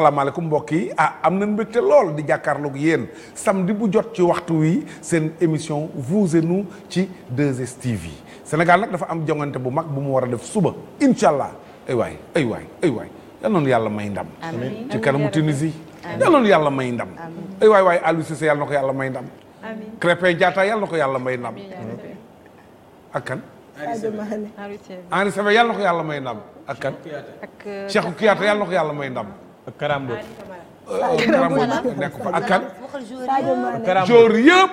asalaamaaleykum mbokk yi a ah, am na mbégte lool di jàkkaarloog yéen samedi bu jot ci waxtu wi seen émission vous et nous ci 2STV yi Sénégal nag dafa am jongante bu mag bu mu war a def suba incha allah ay waay ay waay ay waay yal noonu yàlla may ndam ci kanamu Tunisie yàlla may ndam ay waay waay Aliou Cissé yàlla na ko yàlla may ndam Krépin Diatta yàlla na ko yàlla may ndam ak kan Henri Saivet yàlla na na ko yàlla may ndam Karam Ndour. Karam Ndour ak kan. joor yëpp.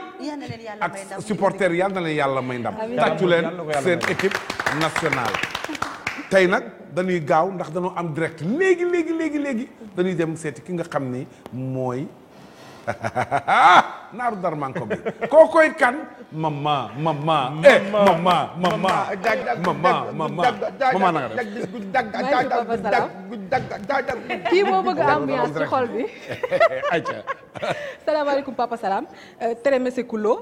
ak supporter yal na leen yàlla may ndam. tàccu leen seen équipe nationale. nag dañuy gaaw ndax dañoo am direct léegi léegi léegi léegi dañuy dem seeti ki nga xam ni mooy. naaru darmanko bi kooku it kan mama mama eh mama mama mama mama mama na nga def kii moo bëgg ambiance ci xol bi ayca salaamaaleykum papa salam tere mese kulo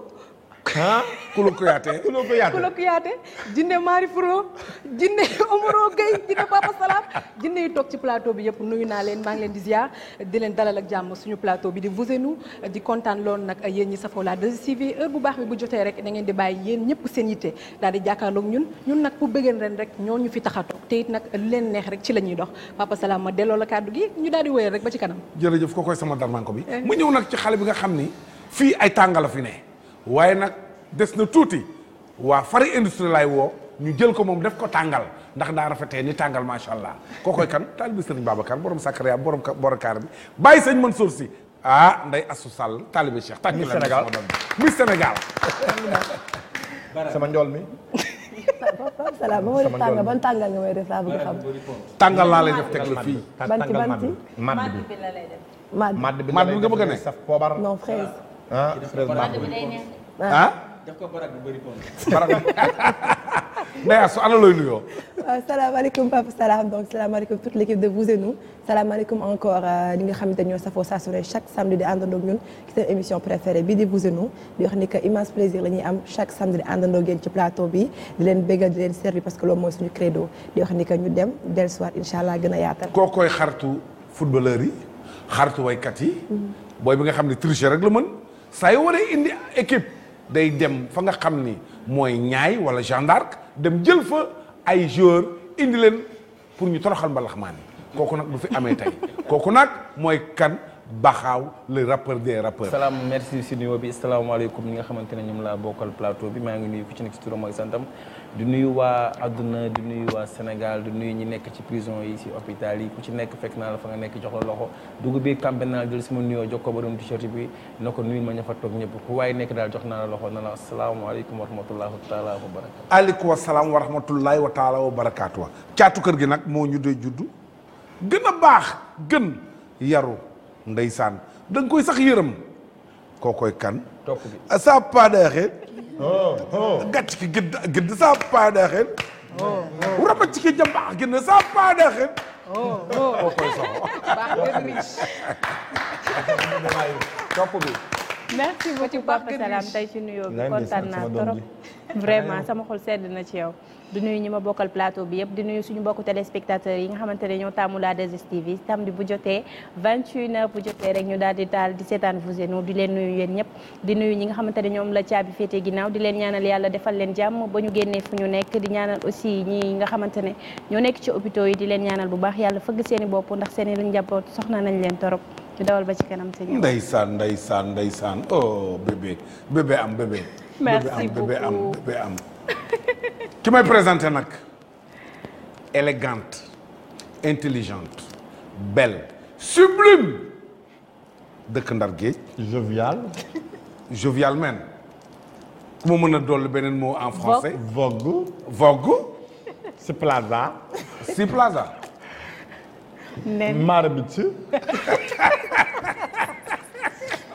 ah Kulu Kuyaate. Kulu Kuyaate Kulu Kuyaate. Jinde Marie Furo Jinde Omaro Gueye Jinde Papa Salam Jinde yi toog ci plateau bi yëpp nuyu naa leen maa leen di ziar di leen dalal ak jàmm suñu plateau bi di vous et nous di kontaan loolu nag yéen ñi safoo la 2STV heure bu baax bi bu jotee rek da ngeen di bàyyi yéen ñëpp seen yitte daal di jàkkaarloog ñun ñun nag pour bëggeen ren rek ñoo ñu fi tax toog te it nag lu leen neex rek ci la ñuy dox Papa Salam ma delloo la kàddu gi ñu daal di wéyal rek ba ci kanam. jërëjëf ko koy sama darmanko bi. Eh. mu xale bi nga xam ni fii ay tàngala fi ne waaye nag des na tuuti waa fari industrie laay woo ñu jël ko moom def ko tàngal ndax daa rafetee ni tàngal macha allah kookoy kan taalibi sëriñ Babacar borom Sakariya borom Borokar bi bàyyi sëñ Mansour si ah nday Assou Sall taalibi Cheikh. tàcc la Sénégal Miss Sénégal. njool mi. salaam ba ma tàngal ban tàngal nga may def laa bëgg xam. tàngal laa lay def teg la fii. ban ci bi la lay def. madd bi nga bëgg ne. Ah, ah ah. def ko barak bu bëri poñ. Ndeye Astou ana looy nuyoo. waaw ah, salaamaaleykum Papa Salam donc salaamaaleykum toute l'équipe de vous et nous salaamaaleykum encore euh, ñi nga xamante ñoo safoo saa su ne chaque samedi di àndandoo ak ñun ci seen émission préférée bii di vous et di wax ni que immense plaisir la am chaque samedi di àndandoo ak yéen ci plateau bi di leen béggal di leen servir parce que loolu mooy suñu credo di wax ni que ñu dem dellusiwaat incha allah gën a yaatal. koo koy xartu footballeur yi xartu mm-hmm. nga xam ne tricher rek la saa yu waree indi équipe day dem fa nga xam ni mooy ñaay wala Jeanne dem jël fa ay joueur indi leen pour ñu toroxal ba yi kooku nag bu fi amee tey kooku nag mooy kan Baxaaw le rappeur des rappeurs. salaam merci si nuyoo bi salaamaaleykum ñi nga xamante ne ñoom laa bokkal plateau bi maa ngi nuyu ku ci nekk si turam ak santam. di nuyu waa àdduna di nuyu waa Sénégal di nuyu ñi nekk ci prison yi si hôpital yi ku ci nekk fekk naa la fa nga nekk jox la loxo dugg bi campagne naa jël sama nuyoo jox ko borom t-shirt bi na ko nuyu ma ña fa ñëpp ku waaye nekk daal jox naa la loxo na la asalaamaaleykum wa rahmatullahi taala wa barakaatu aleykum asalaam wa rahmatullahi wa taala wa barakaatu wa caatu kër gi nag moo ñu dee juddu gën a baax gën yaru ndeysaan da koy sax yërëm koo koy kan topp bi sa padeexe Oh, oh. gàcc ki gëdd gëdd saa paadaaxel oh, raba ci ki jambaax gëdd saa paadaaxel boo koy soxla merci beaucoup Papa Salam tey ci nuyoo bi kontaan naa trop vraiment sama xol sedd na ci yow di nuyu ñi ma bokkal plateau bi yëpp di nuyu suñu mbokku téléspectateurs yi nga xamante ne ñoo taamu la 2STV samedi bu jotee 21h bu jotee rek ñu daal di taal di seetaan vous et nous di leen nuyu yéen ñëpp di nuyu ñi nga xamante ne ñoom la caabi féetee ginnaaw di leen ñaanal yàlla defal leen jàmm ñu génnee fu ñu nekk di ñaanal aussi ñi nga xamante ne ñoo nekk ci hôpitaux yi di leen ñaanal bu baax yàlla fëgg seen i bopp ndax seen i njaboot soxna nañ leen torop ñu dawal ba ci kanam sëñ ndeysaan ndeysaan ndeysaan oh bébé bébé am bébé merci beaucoup bébé am bébé am ki may présenté nag élégante intelligente belle sublime dëkk Ndar Géej. jovial. jovial même ku ma mën a dolli beneen mot en français. vogue vogue. si plaza. si plaza. nen marabitu.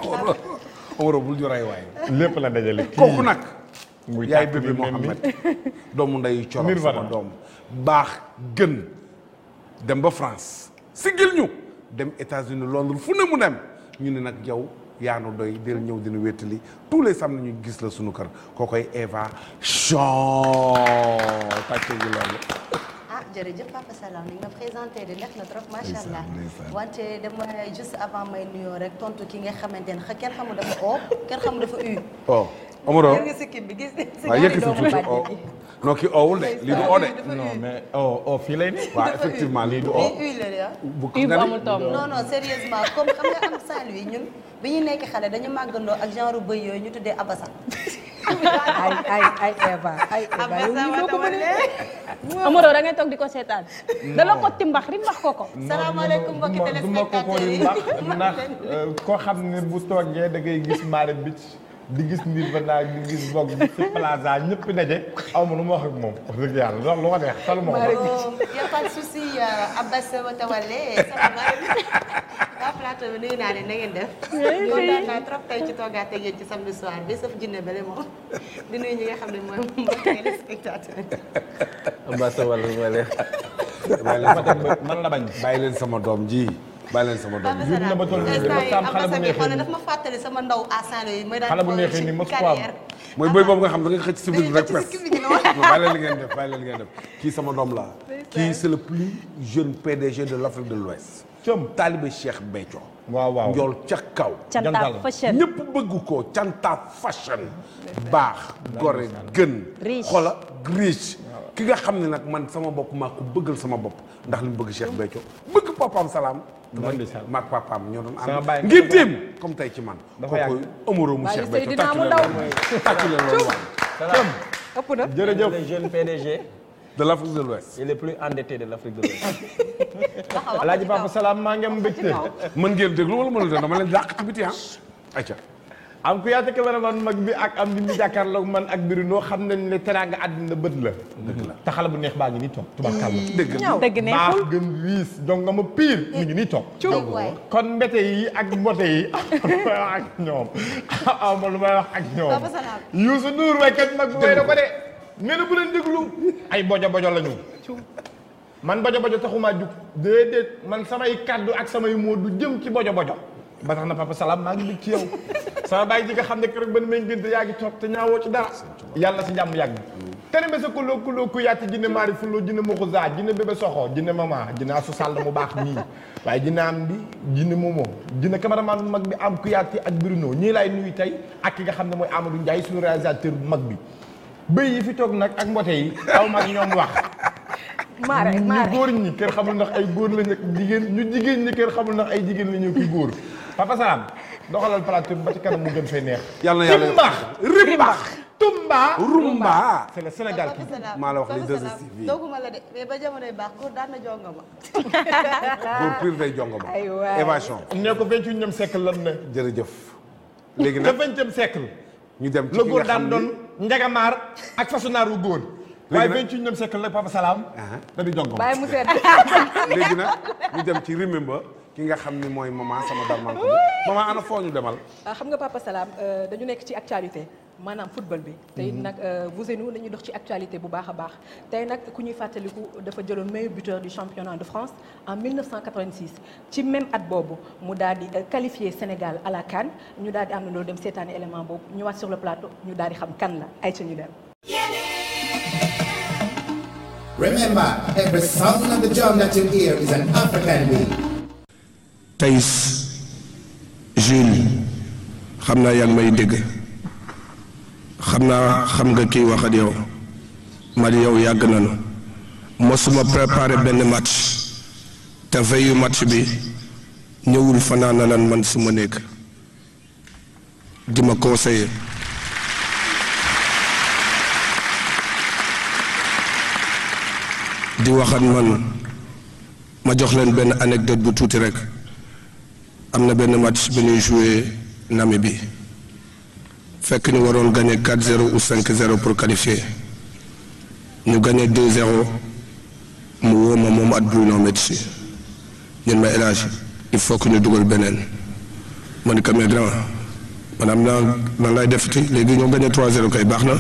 waroo waroo bul ñu rey waaye. lépp la dajale kii yaay bébé Mohamed doomu nday coro sama doom baax gën dem ba France sigil ñu dem États-Unis Londres fu ne mu dem ñu ne nag yow yaanu doy del ñëw dina wéttali tous les samedi ñu gis la sunu kër kookoy Eva Chon tàcce gi loolu ah, jërëjëf Papa Salam li nga présenté di neex na trop macha allah wante dama juste avant may nuyoo rek tontu ki nga xamante kenn xamul dafa o kenn xamul dafa u Omaro waaw yëkk si tuuti oo non kii oowul de lii du oo de. non mais oo oo nekk xale dañu màggandoo ak genre bëy yooyu ñu tuddee abasa. ay da ngay toog di ko seetaan. da la ko timbax ri mbax ko ko. salaamaaleykum mbokki téléspectateurs euh, ko xam ne bu toogee da gis mare bi. di gis ndir ba di gis bokk ci plaza ñëpp daje aw ma lu ma wax ak moom wax dëgg yàlla loolu lu ko neex talu ma ko. y' euh, bi nuyu naa leen na ngeen def. naa trop tey ci toogaate yéen ci samedi soir bi saf jinne bale moom di nuyu ñi xam ne mooy man la bañ. bàyyi leen sama doom ji. bàyyi leen sama doom yi na ba toll nii xale bu neexee nii dafa ma fàttali sama ndaw à Saint-Louis mooy daan xale bu neexee nii mos ko am mooy bëy boobu nga xam da nga xëcc si biir rek pes bàyyi leen li ngeen def bàyyi leen li ngeen def kii sama doom la kii c'est le plus jeune PDG de l'Afrique de l'Ouest com taalibe Cheikh Béthio waaw waaw njool ca kaw canta fashion ñëpp bëgg ko canta fashion baax gore gën xola riche ki nga xam ne nag man sama bopp maa ko bëggal sama bopp ndax li mu bëgg Cheikh Béthio bëgg papaam salaam mag papaam ñoo doon comme tey ci man kooku amoro mu Cheikh Béthio tàcc leen na jërëjëf le jeune PDG de l' Afrique de l'Ouest il est plus endetté de l' Afrique de l'Ouest Alaaji Papa maa ngi am mbégte mën ngeen déglu wala mënul dama leen dàq ci acca ah. am ku yaate caméraman mag bi ak am di mu jàkkaarloog man ak biru noo xam nañ ne teraanga àddina bët la. te xale bu neex baa ngi nii toog tubaarkàlla. Mm. dëgg la dëgg neexul baax gën wiis donc nga ma pire. ñu ngi nii toog. kon mbete yi ak mbote yi amul may wax ak ñoom wax ak ñoom. Youssou Ndour waykat mag bu way na ko de. nee na bu leen déglu ay bojo bojo la man bojo bojo taxumaa jug déedéet man samay kaddu ak samay moo du jëm ci bojo bojo. ba tax na papa salaam maa ngi bëgg ci yow sama bàyyi ji nga xam ne keroog ban may ngénte yaa ngi toog te ñaawoo ci dara yàlla si jàmm yàgg tene be sa kuloo kuloo ku yàtti jinne maari fuloo jinne moxusa jinne bébé soxo jinne mama jinne asu sàll mu baax nii waaye jinne am bi jinne momo jinne cameraman bu mag bi am ku yàtti ak Bruno ñii laay nuyu tey ak ki nga xam ne mooy Amadou Ndiaye suñu réalisateur bu mag bi bëy yi fi toog nag ak mbote yi aw mag ñoom wax maare maare ñu góor ñi kër xamul ndax ay góor lañ jigéen ñu jigéen ñi xamul ndax ay jigéen la ñu ki góor papa Salam doxalal plateau ba mu gën fay yàlla na yàlla timbax rimbax tumba rumba c'est le Sénégal ki maa la wax la de mais ba jamonoy baax góor daan na jongoma góor pire day jongoma évasion ne ko vingt-et-unième ne jërëjëf léegi nag le vingtième siècle ñu dem ci la góor daan doon njagamaar ak façonnaaru góor waaye vingt et unième siècle nag Papa Salam. dañuy jongo bàyyi mu seet. léegi nag ñu dem ci remember ki nga xam ni mooy maman sama darman ko maman ana foo ñu demal. Ah, xam nga Papa Salam euh, dañu nekk ci actualité. maanaam football bi tey mhm. nag euh, vous et nous dañuy dox ci actualité bu baax a baax tey nag ku ñuy fàttaliku dafa jëloon meilleur buteur du championnat de France en 1986 ci même at boobu mu daal di euh, qualifié Sénégal à la ñu daal di am na loolu dem seetaani élément boobu ñëwaat sur le plateau ñu daal di xam kan la ay ca ñu Remember, every sound of xam naa yaa ngi may dégg xam naa xam nga kii wax ak yow man yow yàgg nañu suma prépare benn match te veillu match bi ñëwul fanaan na man suma nekk di ma conseiller. di wax ak man ma jox leen benn anecdote bu tuuti rek am na benn match bi ñuy joué Namibie bi fekk ñu waroon gagné 4-0 ou 5-0 pour qualifier ñu gagné 2-0 mu woo ma moom at Bruno Metsu ñun ma El Hadj il faut ñu dugal beneen ma ni ko mais grand man am naa nan lay defati léegi ñoo gagné 3-0 kay baax na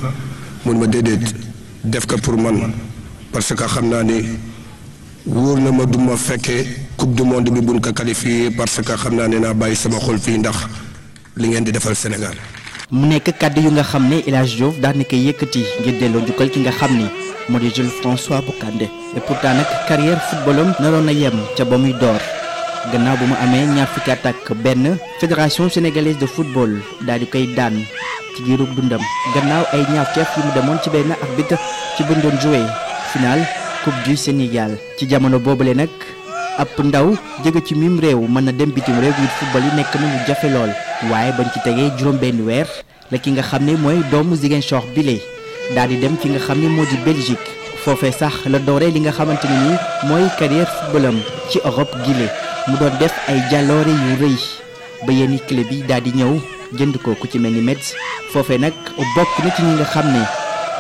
mun ma déedéet def ko pour man. parce que xam naa ne wóor na ma du ma fekkee coupe du monde bi buñ ko parce que xam naa ne naa bàyyi sama xol fii ndax li ngeen di defal Sénégal. mu nekk kàddu yu nga xam ne El Hadj Diouf daanaka yëkkati ngir delloo njukkal ki nga xam ni moo di jël François Bocandé et pourtant nag carrière footballam naroon na yem ca ba muy door gannaaw bu ma amee ñaar fukki at benn fédération sénégalaise de football daal di koy daan ci giirub dundam gannaaw ay ñaawteef yu mu demoon ci benn arbitre ci buñ doon joué finale coupe du Sénégal ci jamono boobule nag ab ndaw jóge ci mim réew mën na dem bitim réew ngir football yi nekk na lu jafe lool waaye bañ ci tegee juróom-benn weer la ki nga xam ni mooy doomu Ziguinchor bile daal di dem fi nga xam ni moo di Belgique foofee sax la dooree li nga xamante ne nii mooy carrière footballam ci Europe gile mu doon def ay jàlloore yu rëy ba yenn club yi daal di ñëw jënd ko ku ci mel ni Metz foofee nag bokk na ci ñi nga xam ni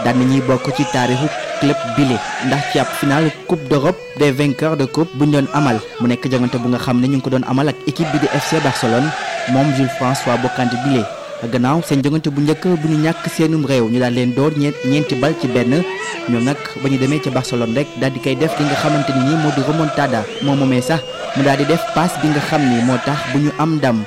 daan nañuy bokk ci taarixu club bile ndax ci ab final coupe d'Europe des vainqueurs de coupe bu ñu doon amal mu nekk jongante bu nga xam ne ñu ngi ko doon amal ak équipe bi di FC Barcelone moom Jules François Bocandé bile. gannaaw seen jongante bu njëkk bu ñu ñàkk seenum réew ñu daal leen door ñeent ñeenti bal ci benn ñoom nag ba ñu demee ca Barcelone rek daal di koy def li nga xamante ni moo di remontada moo moomee sax mu daal di def passe bi nga xam ni moo tax bu ñu am ndam.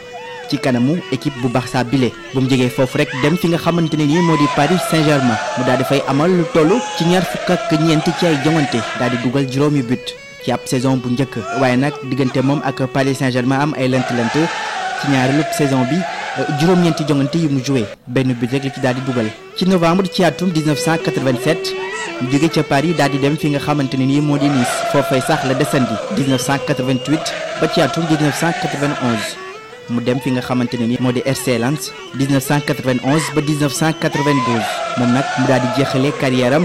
ci kanamu équipe bu Barça bile bu mu jógee foofu rek dem fi nga xamante ne nii moo di Paris Saint-Germain mu daal di fay amal lu toll ci ñaar fukk ak ñeenti ci ay jongante daal di dugal juróomi but ci ab saison bu njëkk waaye nag diggante moom ak Paris Saint-Germain am ay lënt-lënt ci ñaareelu saison bi euh, juróom-ñeenti jongante yi mu joué benn but rek la ci daal dugal ci novembre ci atum 1987 mu jóge ca Paris daal di dem fi nga xamante ne nii moo di Nice foofay sax la desandi 1988 mu dem fi nga xamante ne ni moo di RC Lens 1991 ba 1992 moom nag mu daal di jeexale carrière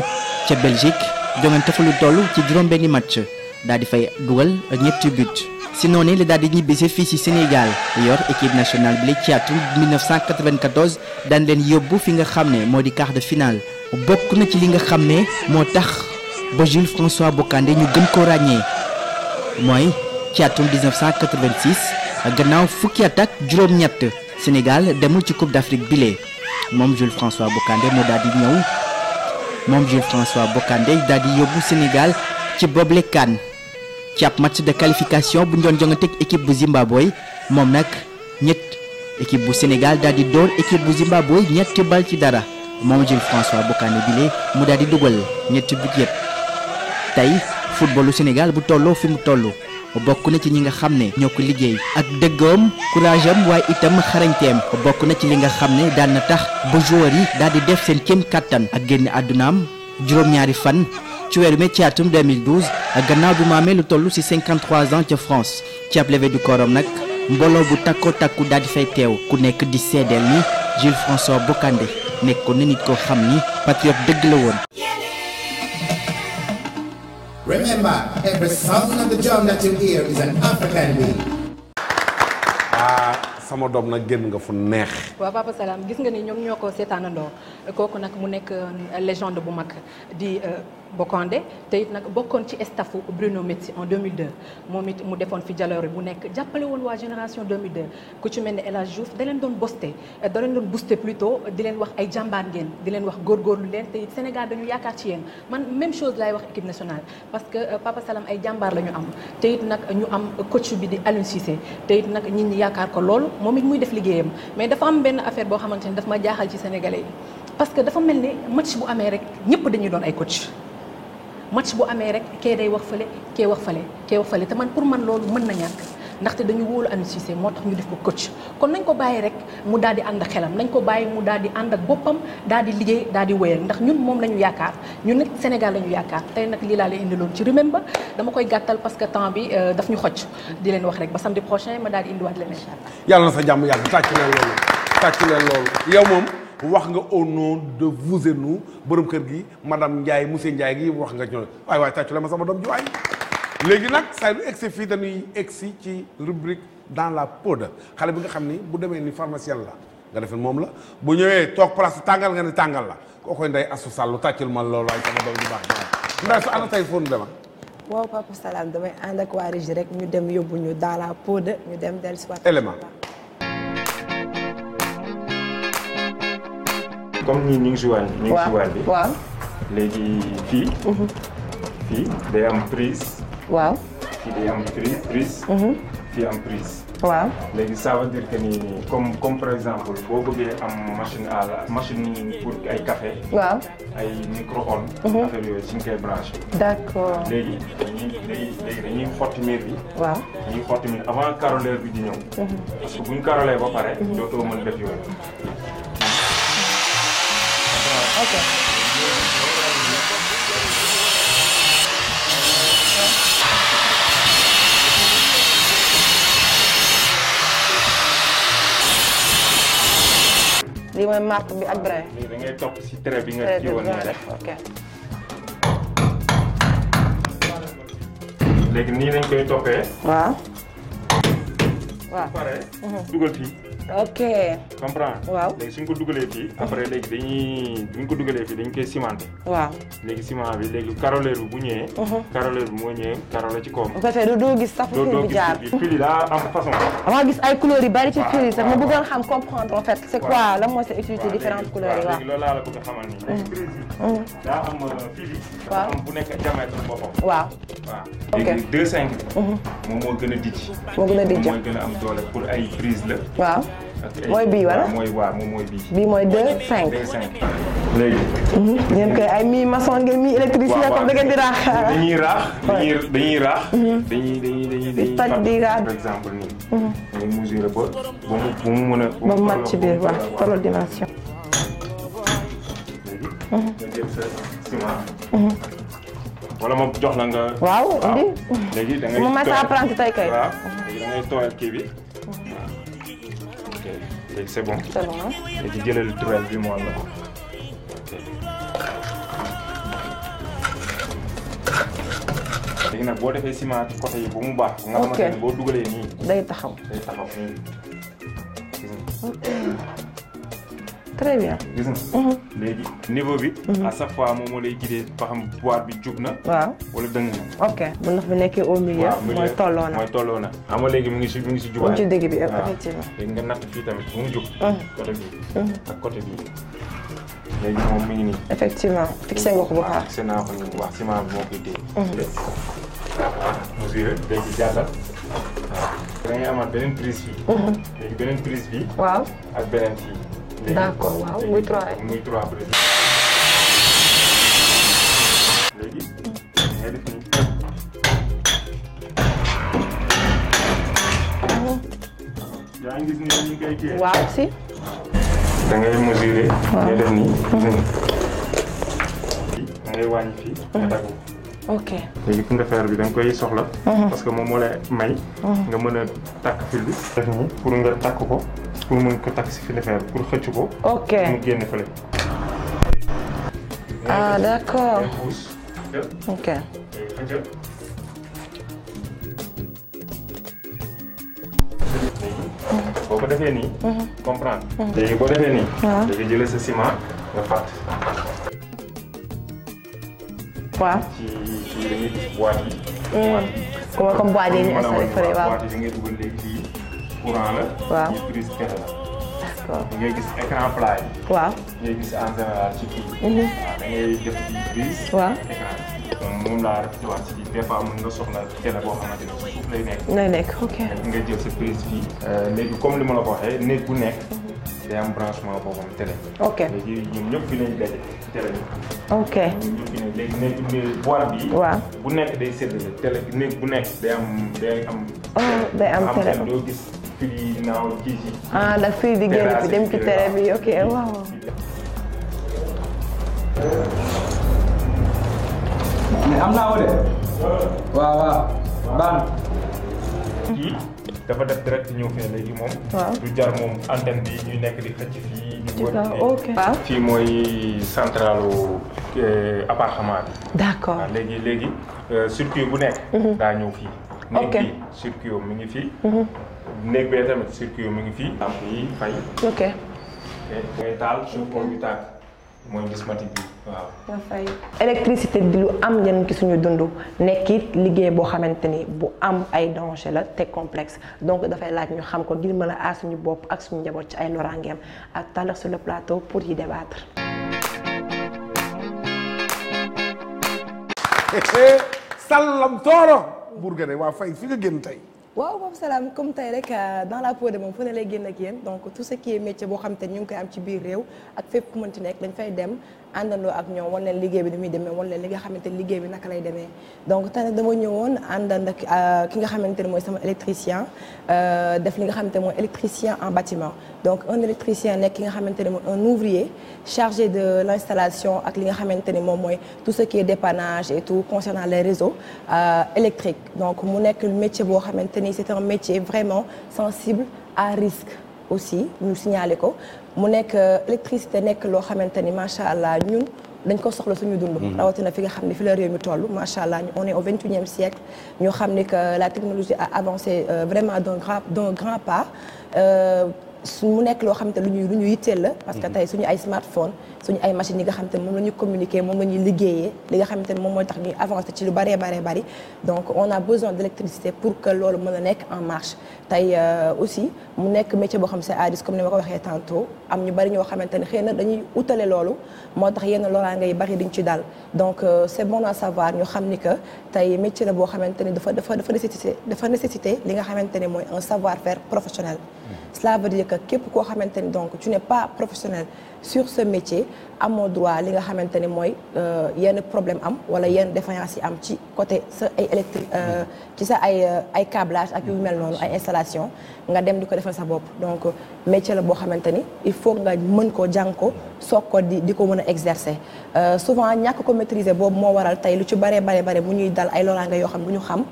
ca Belgique jongante fa lu toll ci juróom-benni match daal di fay dugal ñetti but si noonu la daal di ñibbisi fii ci Sénégal yor équipe nationale bi ci atum 1994 daan leen yóbbu fi nga xam ne moo di quart de finale bokk na ci li nga xam ne moo tax ba Jules François Bocandé ñu gën ko ràññee mooy ci atum 1986. gannaaw fukki at ak juróom-ñett Sénégal demul ci Coupe d'Afrique bile moom Jules François Bocandé moo daal ñëw moom Jules François Bocandé daal di yóbbu Sénégal ci boble CAN ci ab match de qualification bu ñu doon jongante ak équipe bu Zimbabwe moom nag ñett bu Sénégal daal di dóor équipe bu Zimbabwe ñetti bal ci dara moom Jules François Bocandé bile mu daal di dugal ñetti but yëpp tey footballu Sénégal bu tolloo fi mu toll. bokk na ci ñi nga xam ne ñoo ko liggéey ak dëggoom courage am waaye itam xarañteem bokk na ci li nga xam ne daan na tax bu joueur yi daal di def seen kéem kattan ak génn àddunaam juróom-ñaari fan ci weeru mai ci atum 2012 gannaaw bi mu amee lu toll ci 53 ans ca France ci ab du corps nag mbooloo bu takko takku daal di fay teew ku nekk di seedeel ni Jules François Bocandé nekkoon na nit koo xam ni patriote dëgg la woon. Remember, ah, sama doom nag génn nga fu neex. waa papa Salam gis nga ni ñoom ñoo ko seetaanandoo kooku nag mu nekk euh, légende bu mag di. Euh, Bokandé te it nag bokkoon ci staffu Bruno Metsu en 2002 moom it mu defoon fi jaloore bu nekk jàppale woon waa génération 2002 ku ci mel ne El Hadj Diouf da leen doon boste da leen doon di leen wax ay jàmbaar ngeen di leen wax góorgóorlu leen te Sénégal dañu yaakaar ci yéen man même chose laay wax équipe nationale parce que euh, Papa Salam ay jàmbaar lañu am te it nag ñu am coach bi di Aliou Cissé te it nag nit ñi yaakaar ko loolu moom it muy def liggéeyam mais dafa am benn affaire boo xamante ni daf ma ci sénégalais yi que dafa mel ne match bu amee rek ñëpp dañuy doon ay coach match bu amee rek kee day wax fale kee wax fale kee wax fële te man pour man loolu mën na ñàkk ndaxte dañu wóolu Aliou Cissé moo tax ñu def ko coach kon nañ ko bàyyi rek mu daal di ànd ak xelam nañ ko bàyyi mu daal di ànd ak boppam daal di liggéey daal di wéyal ndax ñun moom la ñu yaakaar ñu nag Sénégal la ñu yaakaar tey nag lii laa leen indiloon ci remember dama koy gàttal parce que temps bi euh, daf ñu xoj di leen wax rek ba samedi prochain ma daal di indiwaat leen incha allah. yàlla na sa jàmm yàgg tàcc leen loolu yow moom. wax nga au nom de vous et nous borom kër gi madame Ndiaye monsieur Ndiaye gi wax nga ñooy waay waay tàccu la ma sama doom ji waay léegi nag saa yu egsi fii dañuy egsi ci rubrique dans la poudre xale bi nga xam ni bu demee ni pharmacien la nga defe moom la bu ñëwee toog place tàngal nga ne tàngal la koo koy nday asu sàllu tàccul ma loolu waay sama doom ji baax nday su ana tay foon dema ah? waaw papa salaam damay ànd ak waa Régie rek ñu dem yóbbu ñu dans la poudre ñu dem dellusiwaat élément comme ñii ñu ngi si waañ bi. ñu bi waaw léegi fii. Mhm. fii day am prise. waaw fii de am prise prise. Mhm. fii am prise. waaw léegi ça veut dire que ni comme par exemple boo bëggee am machine à machine pour ay café. waaw ay micro-ondes. Mhm. affaire yooyu si ñu koy bi. waaw dañuy xotti miir avant carreleur bi di ñëw. parce que buñ carrelé ba pare. dootoo mën def Okay. lii mooy marque bi ak brin. lii da ngay topp ci trait bi nga jiwoon nga def. ok. léegi nii lañ koy toppee. waaw. waaw pare. Mhm. dugal fii. ok comprendre waaw léegi suñ ko dugalee fii après mhm. léegi dañuy buñ ko dugalee fii dañ koy cimenté waaw léegi ciment bi léegi carreleur bi bu ñëwee mhm. carreleur bi moo ñëwee carreleur ci kawam bu ko fee doo gis sa utilité différentes couleurs yi waaw léegi loolu laa la bëgg a xamal ni mhm. léegi brésil daa am euh, fil yi daa am bu nekk a boppam moom moo gën a dijj moo gën a dijj moo gën a am doole pour ay prise la waaw mooy bii wala mooy waaw moom mooy bii. bii mooy deux cinq. deux cinq léegi. ngeen mhm. koy ay mi maçon ngeen mi électricien comme da ngeen di raax. dañuy raax. dañuy dañuy raax. Mhm. dañuy dañuy dañuy dañuy. toj di raax par exemple nii. Mhm. da ngay mesurer ba ba mu mën a. ba mu mat ci biir waaw tolloo dimension. nga jël sa ciment. wala ma jox la nga. waaw indi léegi da ngay. mu ma sa apprenti tey kay. waaw léegi da ngay tooyal kii bi. léegi c'est bon. c'est bon ah. léegi jëlal turel bi mu wàll. ok. léegi nag boo defee ciment ci côté yi ba mu baax. nga xamante ne boo dugalee nii. day taxaw day taxaw nii. très bien gis nga. Mhm. léegi niveau bi. Mhm. à chaque fois moom moo lay guider ba xam bi jub na. waaw wala dëng na. ok bu ndox bi nekkee au milieu. mooy tolloo na mooy tolloo na. léegi mu ngi si mu ngi si jubaay. mu ngi si dëgg bi effectivement. léegi nga natt fii tamit mu ngi jub. Mhm. côté bii. moom mi ngi nii. effectivement fixé nga ko bu baax. fixé naa ko nii bu baax ciment bi moo koy téye. waaw monsieur léegi jàllal. waaw. da beneen prise fii. léegi waaw ak beneen fii. D'accord waaw muy 3 muy 3 président léegi nga def nii ok léegi pour nga bi da nga koy soxla parce que moom moo lay may nga mën a takk fil bi def nii pour nga takk ko pour mu ko takk si filifère pour xëcc ko. ok mu génn fële. ah d'accord ok. ko defee nii. Mhm. comprendre. Mhm. léegi boo defee nii. waaw ah. da nga jëlee sa ciment nga fàtt. waaw ci ci li nga gis boîte yi. comme boîte léegi. courant la. waaw prise télé la. d'accord ngay gis écran plat yi. waaw gis en général ci kii. Mhm. waaw da ngay def ci prise. waaw écran donc moom laa rafetluwaat ci nga soxla télé boo xamante nekk. lay nekk ok nga jël sa prise fii. Euh, léegi comme li ma la ko waxee néeg bu nekk. Mhm. day am branchement boobu am télé. ok léegi ñoom ñëpp fi bi. nekk boîte bi. waaw bu nekk day séddale télé néeg bu nekk day am day am. Oh, télé doo gis. filiinaaw Jiji. ah ndax fii di génn dem ci tere bi ok waaw. mais am naa woo de. waaw waaw baax dafa def direct ñëw fii léegi moom. du jar moom antenne bi ñuy nekk di xëcc fii. di wër fii mooy centralu eh, appartement bi. d'accord léegi léegi euh, circuit bu nekk. Mhm. daa ñëw fii. ok nekk circuit ngi fii. Mhm. néeg bee tamit circuit mu ngi fii. am yi fay. ok. ngay taal suuf boobu ñu tàkk mooy gismatique bi waaw. nga fay di lu am njëriñ ci suñu dundu nekk it liggéey boo xamante ni bu am ay danger la te complexe donc dafay laaj ñu xam ko ngir mën a suñu bopp ak suñu njaboot ci ay loraangeem à tout à l'heure sur plateau pour y débattre. Eh, eh, sallam tooro. Bourgué waa fay fi nga génn tey. waaw moom salaam comme tey rek euh, dans la peau de moom fu ne lay génn ak yéen donc tout ce qui est métier boo xam te ñu ngi koy am ci biir réew ak fépp ku mënti nekk dañ fay dem àndandoo ak ñoom wan leen liggéey bi ni muy demee wan leen nga xamante liggéey bi naka lay demee donc tane dama ñëwoon àndand ak euh, ki nga xamante ne mooy sama électricien euh, def li nga xamante ne mooy électricien en bâtiment donc un électricien nekk ki nga xamante ne mooy un ouvrier chargé de l' installation ak li nga xamante ne moom mooy tout ce qui est dépannage et tout concernant les réseaux euh, électriques donc mu nekk métier boo xamante ni c' est un métier vraiment sensible à risque aussi ñu signalé ko mu nekk euh, électricité nekk loo xamante ni macha allah ñun dañ ko soxla suñu dund mhm. rawatina fi nga xam ne fi la réew mi toll macha allah on est au vingt et unième siècle xam ni que la technologie a avancé euh, vraiment d'un grand d'un grand pas euh, mu nekk loo xamante lu ñuy lu ñu yitteel la parce que mhm. tey suñu ay smartphone suñu ay machine yi nga xamante ne moom la ñu communiquer moom la ñuy liggéeyee li nga xamante ne moom mooy tax ñuy avancer ci lu baree baree bari donc on a besoin d'électricité pour que loolu mën a nekk en marche tey euh, aussi mu nekk métier boo xam c'est à risque comme ni waxee tantôt am ñu bari ñoo xamante ne xëy na dañuy utale loolu moo tax yenn loraange yu bari diñ ci dal donc euh, c'est bon à savoir ñu xam ni que tey métier la boo xamante ne dafa dafa dafa nécessité dafa nécessité li nga xamante ne mooy un savoir-faire professionnel mmh. cela veut dire que koo xamante ni donc tu n'es pas professionnel sur ce métier amoo droit li nga xamante ne mooy euh, yenn problème am wala yenn défaillance yi am ci côté sa ay électrique euh, ci sa ay euh, ay câblage ak yu mel noonu ay installation nga dem di ko defal sa bopp donc métier la boo xamante ni il faut nga mën ko jàng ko soog ko di di ko mën a exercer souvent ñàkk ko maîtriser boobu moo waral tey lu ci baree bare bare mu ñuy dal ay loraange yoo xam bu ñu xam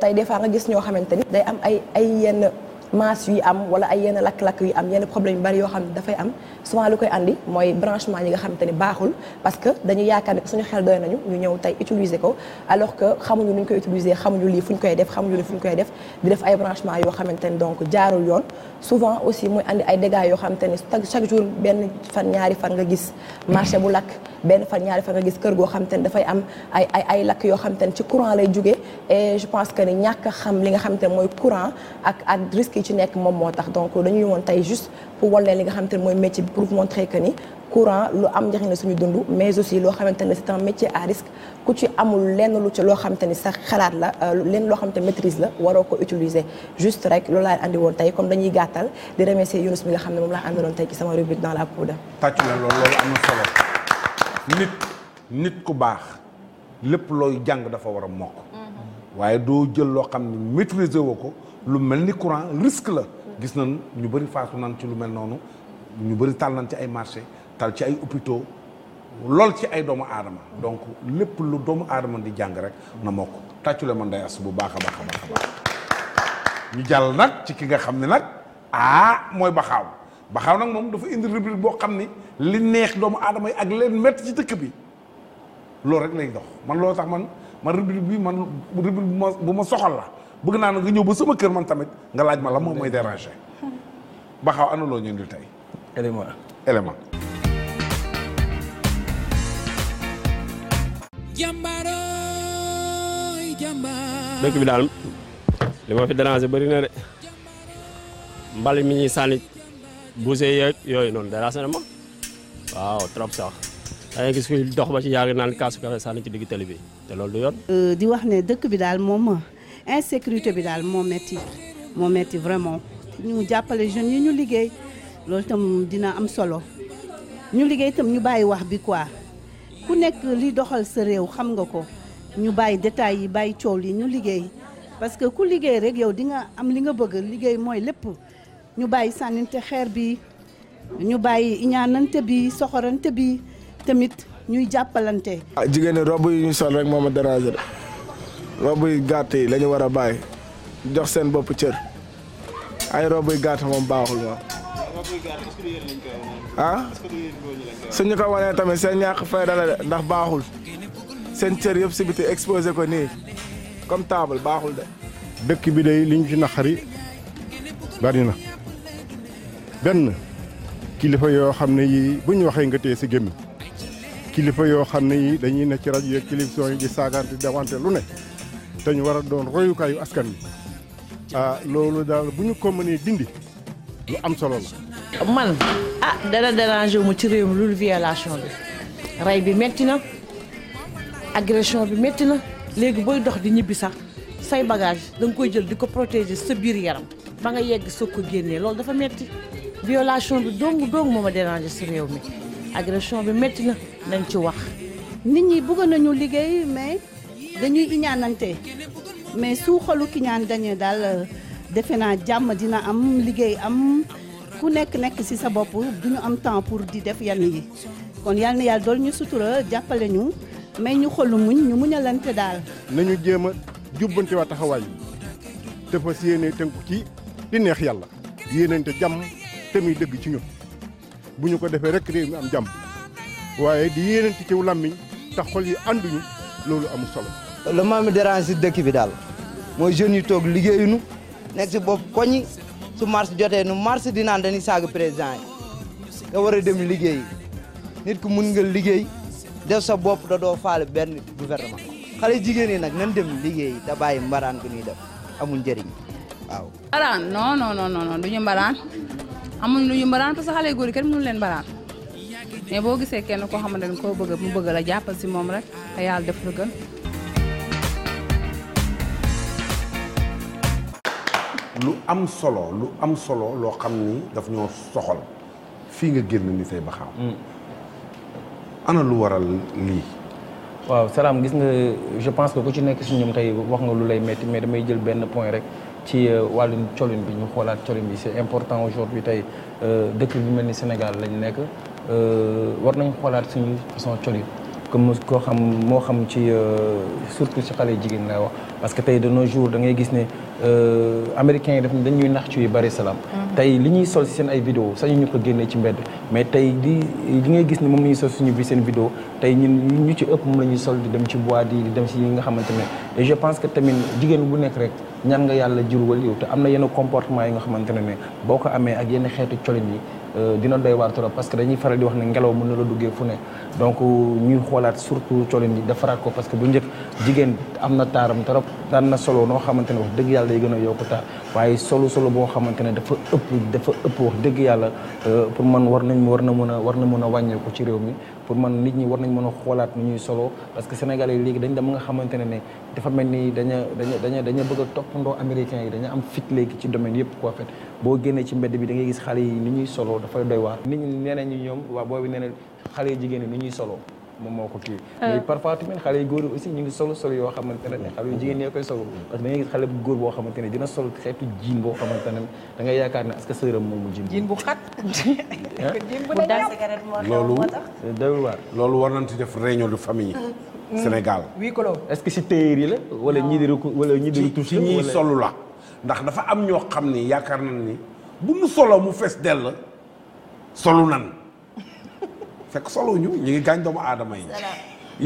tey des fois nga gis ñoo xamante ni day am ay ay yenn masse yu am wala ay yenn lakk-lakk yu am yenn problème yu bari yoo xam ne dafay am souvent lu koy andi mooy branchement yi nga xamante ni baaxul parce que dañu yaakaar ne suñu xel doy nañu ñu ñëw tey utiliser ko alors que xamuñu nuñ koy utiliser xamuñu lii fu ñu koy def xamuñu lii ñu koy def di def ay branchement yoo xamante ni donc jaarul yoon souvent aussi muy andi ay dégâts yoo xamante ni chaque jour benn fan ñaari fan nga gis marché bu lakk benn fan ñaari fan nga gis kër goo xam te dafay am ay ay lakk yoo xam ne ci courant lay jóge e je pense que ni ñàkk xam li nga xam te ne mooy courant ak ak risque yi ci nekk moom moo tax donc dañuy woon tey juste pour li nga xam te ne mooy métier bi pour vous montrer que ni courant am njëriñ la suñu dund mais aussi loo xamante ne c'est un à risque ku ci amul lenn lu ci loo xamante ni sax xalaat la euh, lenn loo xamante maîtrise la waroo ko utiliser juste rek loolu laa andi woon tey comme dañuy gàttal di remercier Younous mi nga xam ne moom laa àndaloon tey sama rubrique dans la poudre. loolu loolu solo. nit nit ku baax lépp looy jàng dafa war a mokk waaye doo jël loo xam ne maîtriser woo ko lu mel ni courant risque la gis na ñu bëri faasu nan ci lu mel noonu ñu bëri tal nan ci ay marché tal ci ay hôpitaux lool ci ay doomu aadama donc lépp lu doomu aadama di jàng rek na mokk tàccule man day as bu baax a baax a ñu jàll nag ci ki nga xam ne nag ah mooy baxaaw baxaw nag moom dafa indi rubrique boo xam ni li neex doomu adama yi ak leen métti ci dëkk bi loolu rek lay dox man loo tax man man bi man rubrique bu ma bu soxal la bëgg naa na nga ñëw ba sama kër man tamit nga laaj ma la moom mooy déranger baxaw ana loo ñu indil tey élément élément bi daal li ma fi déranger bëri de mbal mi ñuy sànni bousee yooyu noonu déranger na ma waaw trop sax da ngay gis kuy dox ba ci yàgg naan kaasu kafe sànni ci digg tali bi te loolu du yoon. Euh, di wax ne dëkk bi daal moom insécurité bi daal moom metti moom metti vraiment ñu jàppale jeunes yi ñu liggéey loolu tam dina am solo ñu liggéey tam ñu bàyyi wax bi quoi ku nekk li doxal sa réew xam nga ko ñu bàyyi détails yi bàyyi coow li ñu liggéey parce que ku liggéey rek yow dinga am li nga bëgg liggéey mooy lépp. ñu bàyyi sànninte xeer bi ñu bàyyi iñaanante bi soxorante bi tamit ñuy jàppalante. ah jigéen ñi rob yi ñu sol rek moom a déranger rob yu gàtt yi la war a bàyyi jox seen bopp cër ay rob yu gàtt moom baaxul waaw. ah suñu ko wanee tamit seen ñàkk fayda la de ndax baaxul seen cër yëpp si biti exposé ko nii comme table baaxul de. dëkk bi de li ñu ci naqari bari na. benn kilifa yoo xam ne yii bu ñu waxee nga téye si gémmiñ kilifa yoo xam ne yii dañuy ne ci rajo yeeg télévision yi di saagante dawante lu ne te ñu war a doon royukaayu askan mi ah loolu daal bu ñu ko mënee dindi lu am solo la. man ah dana déranger mu ci réew mi loolu violation bi rey bi metti na agression bi metti na léegi booy dox di ñibbi sax say bagage da koy jël di ko protéger sa biir yaram ba nga yegg soo ko génnee loolu dafa metti violation bi dong dong moo ma déranger si réew mi agression bi métti na nañ ci wax. nit ñi bëgg nañu liggéey mais dañuy iñaanante mais su xolu ki ñaan dañee daal defe naa jàmm dina am liggéey am ku nekk nekk si sa bopp du am temps pour di def yenn yi kon yal na yàlla dool ñu sutura jàppale ñu mais ñu xolu muñ ñu muñalante daal. nañu jéem a jubbante waa taxawaay yi te fas yéene tënku ci di neex yàlla yéenante jàmm. te muy dëgg ci ñun bu ñu ko defee rek réew mi am jàmm waaye di yéenante ci làmmiñ te xol yi ànduñu loolu amul solo. lu ma mi dérange si dëkk bi daal mooy jeunes yi toog liggéeyuñu nekk si bopp koñi su mars jotee nu mars di naan dañuy saaga président yi nga war a dem liggéeyi nit ku mun nga liggéey def sa bopp da doo faale benn gouvernement xale jigéen yi nag nan dem liggéey da bàyyi mbaraan gu ñuy def amul njëriñ waaw. mbaraan non non non non duñu mbaraan. amuñ lu ñu mbaraan parce que xale yu góor yi kenn mënu leen mbaraan mais boo gisee kenn koo xamante ni koo bëgg mu bëgg la jàppal si moom rek te yàlla def lu gën. am solo lu am solo loo xam ni daf ñoo soxal fii nga génn ni say baxaaw hmm. ana lu waral lii. waaw salaam gis nga je pense que ku ci nekk si ñoom tey wax nga lu lay metti mais damay jël benn point rek. ci euh, wàllum colin bi ñu xoolaat colin bi c'est important aujourd'hui tey euh, dëkk bi mel ni Sénégal lañ nekk euh, war nañ xoolaat suñu façon colin comme koo xam moo xam ci surtout ci xale yi jigéen lay wax parce que tey de nos jours da ngay gis ne euh, américains yi daf dañuy nax ci bari salaam. Mm-hmm. tey li ñuy sol si seen ay vidéo sañu ñu ko génnee ci mbedd mais tey di li ngay gis ne moom la ñuy sol bi seen vidéo tey ñun ñu ci ëpp la ñuy sol di dem ci boîte di dem si yi nga xamante ne je pense que tamit jigéen bu nekk rek ñan nga yàlla jur wala yow te am na yenn comportement yi nga xamante ne ne boo ko amee ak yenn xeetu colin yi Euh, dina doy waar trop parce que dañuy faral di wax ne ngelaw mën na la duggee fu ne donc euh, ñuy xoolaat surtout colin yi defaraat ko parce que bu njëkk jigéen am na taaram trop daan na solo noo xamante ne wax dëgg yàlla day gën a yokku taar waaye solo solo boo xamante ne dafa ëpp dafa ëpp wax dëgg yàlla euh, pour man war nañ war na mën a war na mën a wàññeeku ci réew mi pour man nit ñi war nañ mën a xoolaat nu ñuy solo parce que sénégalais yi léegi dañ dem nga xamante ne ne dafa mel ni daña daña daña daña bëgg a toppandoo américains yi daña am fit léegi ci domaine yëpp quoi fait boo génnee ci mbedd bi da ngay gis xale yi ni ñuy soloo dafay doy waar nit ñi nee nañu ñoom waa boobu nee na xale yu jigéen ni ñuy solo moom moo ko kii ah. mais parfois tamit xale yu góor yi aussi ñu ngi solo solo yoo xamante ne mm. xale yu jigéen ñoo koy solo mm. parce que góor boo xamante ne dina solo xeetu jiin boo xamante ne da ngay yaakaar ne est-ce que sëram moom mu jiin jiin bu xat loolu doy waar loolu war nañ ci def réunion de famille mm. Sénégal. oui est-ce que si téyeer yi la wala ñi di wala ñi di touche ñi solu la ndax dafa am ñoo xam ni yaakaar na ni bu nu solo mu fees dell solu nan fekk solo ñu ñu ngi gaañ doomu aadama yi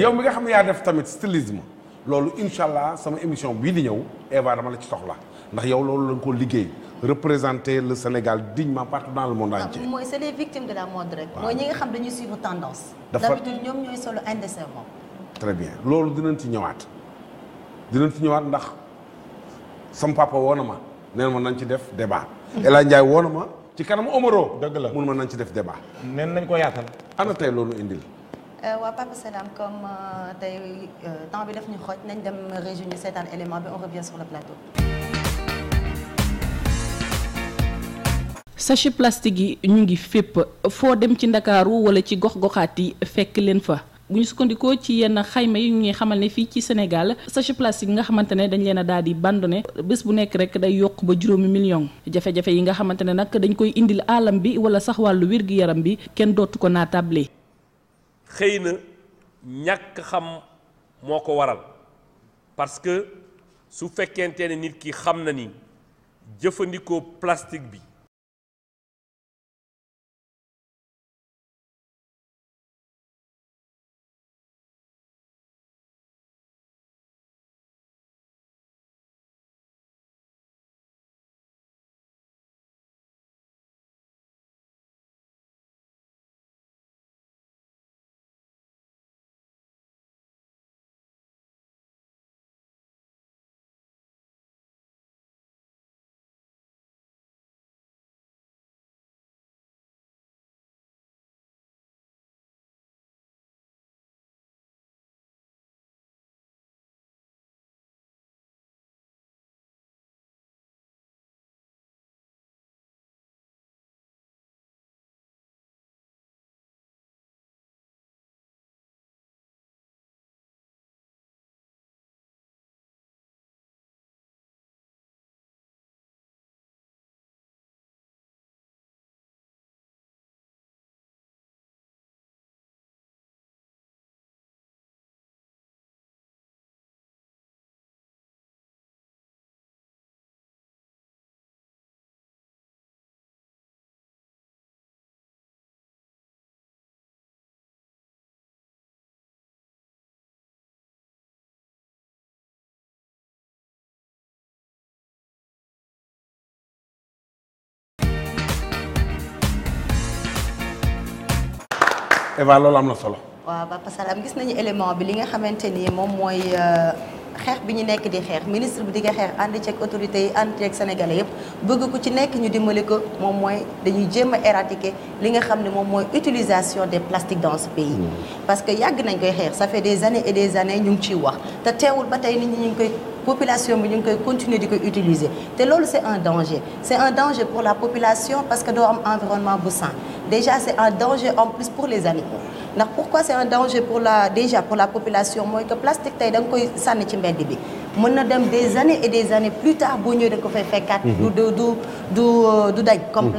yow mi nga xam ne yaa def tamit stylisme loolu incha allah sama émission bii di ñëw Eva dama la ci soxla ndax yow loolu lañ ko liggéey représenter le Sénégal dignement partout dans le monde ah, entier. mooy c'est les victimes de la mode rek. mooy ñi nga xam dañuy suivre tendance. dafa ñoom ñooy solo indécemment. très bien loolu dinañ ci ñëwaat dinañ ci ñëwaat ndax. sam papa woo ma nee ma nañ ci def débat. El Hadj ma ci kanam Omaro. dëgg la mun ma nañ ci def débat. neen nañ ko yaatal. ana tey loolu indil. Euh, waaw Papa Salam comme euh, tey euh, temps bi daf ñu xooj nañ dem région seetaan élément bi on revient sur le plateau. sachet plastique yi ñu ngi fépp foo dem ci ndakaaru wala ci gox goxaati fekk leen fa. bu ñu sukkandikoo ci yenn xayma yi ñuy xamal ne fii ci Sénégal sachet plastique nga xamante ne dañ leen a daal di bandone bés bu nekk rek day yokk ba juróomi million jafe-jafe yi nga xamante ne nag dañ koy indil alam bi wala sax wàllu wér yaram bi kenn dootu ko naatable. xëy na ñàkk xam moo ko waral parce que su fekkente ne nit ki xam na ni jëfandikoo plastique bi. Eva eh loolu am na solo. waaw Papa Salam gis nañu élément bi li nga xamante ni moom mooy euh, xeex bi ñu nekk di xeex ministre bi di nga xeex ànd ceeg autorité yi ànd ceeg sénégalais yëpp bëgg ko ci nekk ñu dimbali ko moom mooy dañuy jéem a éradiquer li nga xam ne moom mooy utilisation de plastiques dans ce pays. Mm. parce que yàgg nañ koy xeex ça fait des années et des années ñu ngi ciy wax te teewul ba tey nit ñu ngi koy. population bi ñu ngi koy continuer di ko utiliser te loolu c'est un danger c'est un danger pour population parce que doo am environnement bu sain déjà c'est un danger en plus pour les animaux ndax pourquoi c'est un danger pour la déjà pour la population mooy que plastique tey da koy sànni ci mbedd bi mën na dem des années et des années plus tard boo ñëwee da nga ko fay fekkaat mhm. du du du du euh, du daj comme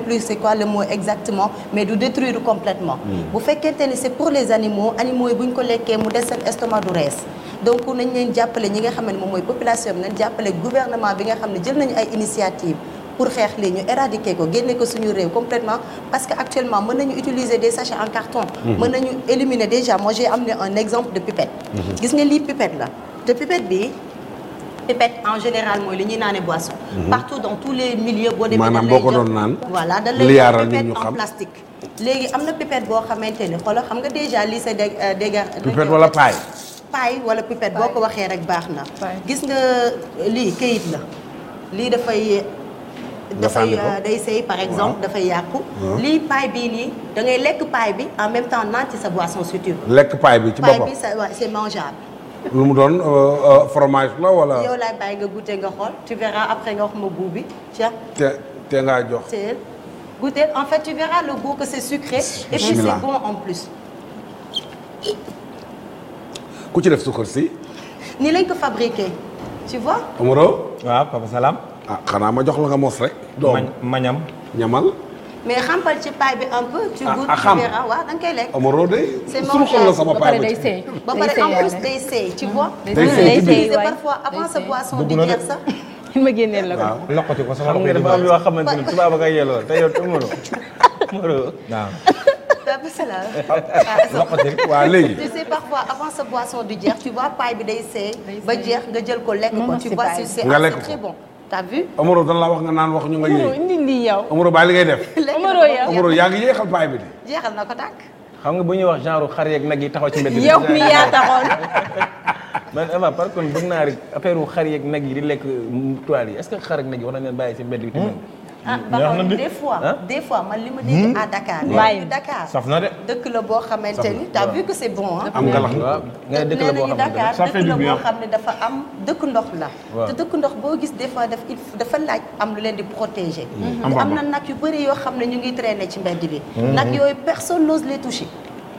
mhm. exactement mais du détruire complètement mhm. bu fekkente ni c'est pour les animaux animaux yi bu ñu ko lekkee mu des seen estomac du rees donc nañ leen jàppale ñi nga xam ne moom mooy population bi nañ jàppale gouvernement bi nga xam ne jël nañu ay initiative pour xeex lii ñu éradiquer ko génne ko suñu réew complètement parce que actuellement mën nañu utiliser des sachets en carton mmh. mën nañu éliminer déjà moi j'ai amené un exemple de pipette mmh. gis nga lii pipette la te pipette bi pipette en général mooy li ñuy naane boisson mmh. partout dans tous les milieux boo demee maanaam ko doon naan voilà dañ lay pipette en am na pipette boo xamante ne xoolal xam nga déjà lii c'est dégg euh, pipette wala paille paille wala pipette boo ko waxee rek baax na gis nga lii kayit la lii dafay dafay euh, day sëy par exemple dafay yàqu. lii nii da ngay lekk paille bi en même temps naan ci sa boisson suture. lekk paille bi ci boppam paille c'est mangeable. lu mu doon euh, euh, fromage la wala. yow laay bàyyi nga goûter nga xool tu verras après nga wax ma goût bi a te te ngaa jox. teel goûter en fait tu verras le goût que c'est sucré. et puis c'est bon en plus. ku ci def suukar si. ni lañ ko tu vois. Omaro waaw Papa Salam. ah xanaa ma jox la nga mos rek. doom ma ñam ñamal. mais xampal ci paay bi un peu. ci goût ci verra waaw da nga koy lekk. amaroo de. suñu xol la sama paay bi ci ba pare en plus day seey tu vois. day seey day parfois avant sa boisson di jeex sax. ma génneel la ko. waaw loqati ko sama loxo dafa am yoo xamante ni tubaab nga yelloo te yow tumaloo. tumaloo waaw. Ah, ah, waaw léegi. tu sais parfois avant sa boisson du jeex tu vois paille bi day seey. ba jeex nga jël ko lekk ko. tu vois c'est très bon. t'as vu. Omaro dan wax nga naan wax ñu nga yéey. indi lii li ngay def. Omaro yow Omaro yaa ngi bi de. jeexal na ko tàkk. xam nga bu ñuy wax genre xar yeeg nag yi taxaw ci mbedd mi. yow mi yaa taxoon. man Eva par contre bëgg naa rek xar yeeg nag yi di lekk toile yi est-ce que xar ak nag yi war nañ leen mbedd bi tamit hmm? ah Bakhory des fois man li ma dégg hmm? à Dakar. waaye Dakar saf na de. dëkk la boo xamante ni t'as vu que c'est bon ah. am ngalax nga dëkk la boo xamante ni Dakar dëkk la boo xam ne dafa am dëkk ndox la. te dëkk ndox boo gis des fois daf il dafa laaj am lu leen di protéger. Hmm. am na nag yu bëri yoo xam ne ñu ngi traîner ci mbedd bi. Hmm. nag yooyu personne n'ose les toucher.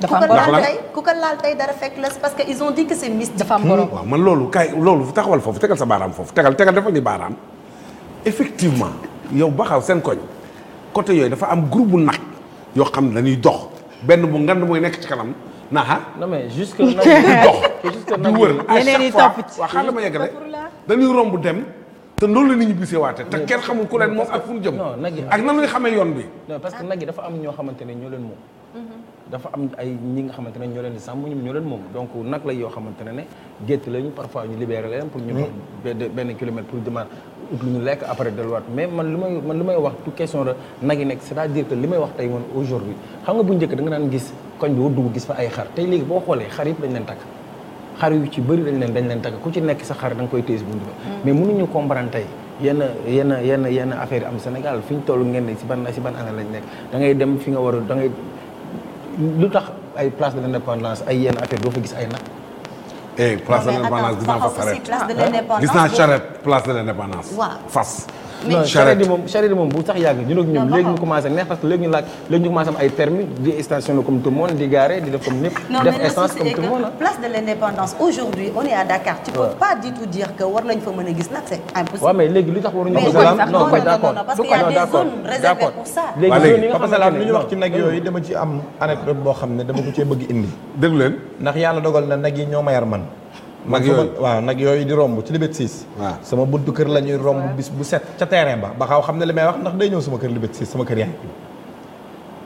dafa am borom tey ku ko laal tey dara fekk la parce que ils ont dit que c'est mystique. man loolu kay loolu taxawal foofu tegal sa baaraam foofu tegal tegal dafa ni baaraam effectivement yow baxaw seen koñ côté yooyu dafa am group bu nag yoo xam ne dañuy dox benn bu ngand mooy nekk ci kanam na ah. non mais jusque nag dox. di wër à chaque fois waa ma yeggale dañuy romb dem. te loolu la nit ñi bisee waate te leen moom ak fu ñu jëm. ak nan la yoon bi. non parce que nag yi dafa am ñoo xamante ne ñoo leen moom. Mm-hmm. dafa am ay ñi nga xamante ne ñoo leen di sàmm ñoom ñoo leen moom donc nag la yoo xamante ne ne gétt lañu parfois ñu libéré leen pour ñu dox benn kilomètre pour demaat ut lu ñu lekk après delluwaat mais man li may man li may wax tout question de nag yi nekk c'est-à-dire que li may wax tey woon aujourd'hui xam nga bu njëkk da nga daan gis koñ bi dugg gis fa ay xar tey léegi boo xoolee xar yëpp dañ leen takk xar yu ci bëri dañ leen dañ leen takk ku ci nekk sa xar da nga koy tëye buntu ba mm. mais mënuñu comprendre tey am Sénégal fi ñu toll ngeen ne si ban si ban année lañ nekk da ngay dem fi lu tax ay place de l'indépendance ay yenn affaire doo fa gis ay nag. eh place de l'indépendance ah, gis naa fa charrette gis naa charrette place de l'indépendance. waaw fas. mais charette moom charette moom bu sax yàgg ñun ak ñoom léegi ñu commencé neex parce léegi ñu laaj léegi ñu commencé am ay permis di stationné aujourd'hui on est à Dakar tu pas du tout dire que war nañ fa mën a gis nag c'est impossible waaw mais léegi li tax waruñu ko salaam non d'accord parce qu'il y a des zones pour ça léegi Papa Salam li ñu wax ci nag yooyu dama ci am anecdote boo xam ne dama ko cee bëgg indi déglu leen ndax yàlla dogal na nag yi ñoo ma yar man mag yooyu waaw nag yooyu di romb ci Liberté 6 sama buntu kër la ñuy romb bis bu set ca terrain ba ba xaw xam ne li may wax ndax day ñëw sama kër Liberté 6 sama kër yaay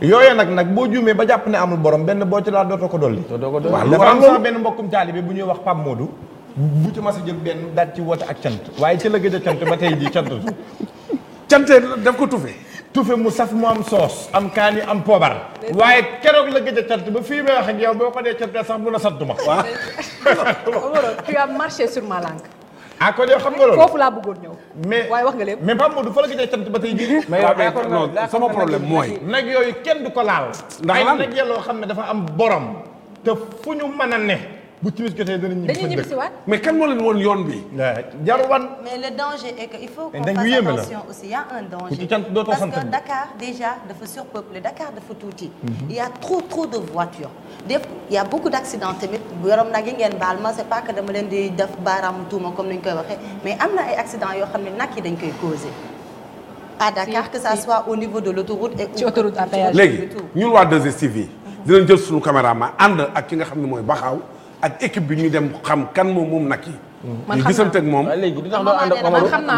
yooyu nag nag boo juumee ba jàpp ne amul borom benn boo ci laa dootoo ko dolli waaw lu am sax benn mbokkum taalibe bu ñuy wax Pape Modou bu ci mas a jël benn daal ci woote ak cant waaye ci la gëj a cant ba tey jii cant cante daf ko tufe tufe mu saf mu am soos am kaani am poobar waaye keroog la gëj a cant ba fii may wax ak yow boo ko dee cant sax mun a santuma waaw Omaro tu marché sur ma langue ah kon xam nga loolu foofu laa bëggoon ñëw mais waaye wax nga lépp mais Pape Modou fa la gëj a cant ba tey jii sama problème mooy nag yooyu kenn du ko laal ndax ay nag yelloo xam ne dafa am borom te fu ñu mën a ne bu timis jotee danañ ñibbi dañuy ñibbi si waat mais kan moo leen woon yoon bi. jarul mais le danger est que il faut qu'on fasse attention aussi il a un danger parce que Dakar déjà dafa surpeuplé Dakar dafa tuuti. Mhm. il y a trop trop de voitures. def il y a beaucoup d'accidents tamit yorom nag yi ngeen baal ma c'est pas que dama leen di def baaraamu tuuma comme ni ñu koy mais am na ay accidents yoo xam ne nag yi dañ koy causé. à Dakar que ça soit au niveau de l'autoroute et ci autoroute à péage mhm. ànd ak ki nga xam ne mooy Baxaaw ak équipe bi ñu dem xam kan moom moom nag yi ñu gisante ak moom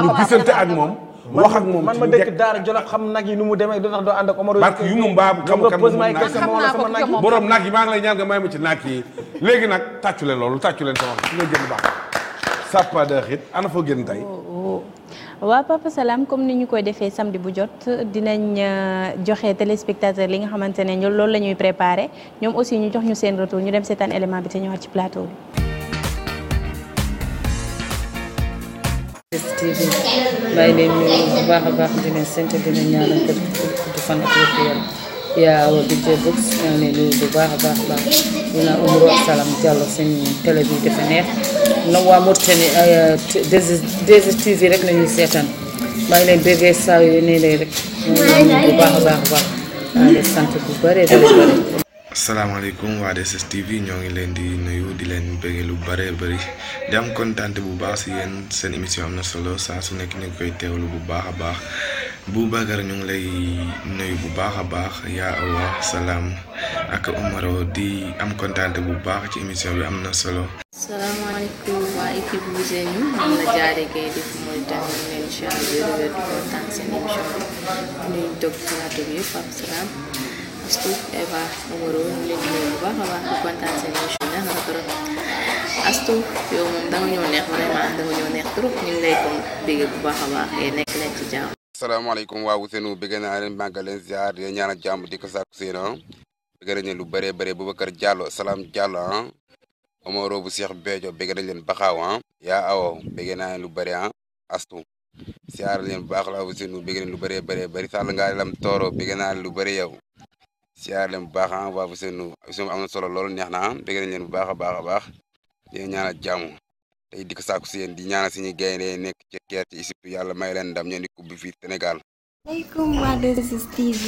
ñu gisante ak moom wax ak moom man ma dëkk Daara Jolof xam nag yi nu mu demee du tax doo ànd ak Omaro barke yu mu mbaabu xam kan moom sama nag yi borom nag yi maa ngi lay ñaan nga may ma ci nag yi léegi nag tàccu leen loolu tàccu leen sama nga jënd baax sàppa de xit ana foo génn tey oh. waa Papa Salam comme ni ñu koy defee samedi bu jot dinañ euh, joxe téléspectateur li nga xamante ne ñoom loolu la ñuy préparé ñoom aussi ñu jox ñu seen retour ñu dem seetaan élément bi te ñëwaat ci plateau bi. TV bàyyi ñu bu baax a baax dina sant dina ñaanal kër fan ak yaa Awa Budget Books ñoo ngi lay nuyu baax a baax baax dina umru ak salaam Diallo seen télé bi neex na waa Mauritanie 2STV euh, rek la ñuy seetaan maa ngi leen bégee saa yu ne lay rek ñoo bu baax a baax ñoo ngi leen di nuyu di leen bëgg lu bëree bari di am kontaan bu baax ci yéen seen émission am na solo saa su nekk ñu koy teewlu bu baax a baax. bu Boubacar ñu ngi lay nuyu bu baax a baax yaa awa salaam ak Omaro di am kontaante bu baax ci émission bi am na solo. salaamaaleykum waa équipe bu Séni seen émission bi nuyu toog plateau yëpp am salaam parce astu yow moom danga ñëw neex vraiment danga ñëw neex trop ñu ngi lay ko bégg bu baax a baax nekk leen ci jàmm. asalaamaaleykum waa Ousseynou bëgg naa leen maa ngi leen ziar di leen ñaanal di ko sàkku seen ah bëgg nañ leen lu bëree bëri Boubacar Diallo salaam Diallo ah Omaro bu Cheikh Bédio bëgg nañ leen baxaaw ah yaa awo bëgg naa leen lu bëri ah astu ziar leen bu baax la Ousseynou bëgg lu bëree bëree bëri sàll ngaa lam tooro bëgg naa lu bëri yow ziar leen bu baax ah waa Ousseynou Ousseynou am na solo lool neex na ah bëgg leen bu baax a baax a baax di leen tey di ko sàkku si yéen di ñaanal suñuy gaynde nekk ci keer ci Égypte yàlla may leen ndam ñoo di kubbi fii Sénégal. maaleykum waa 2STV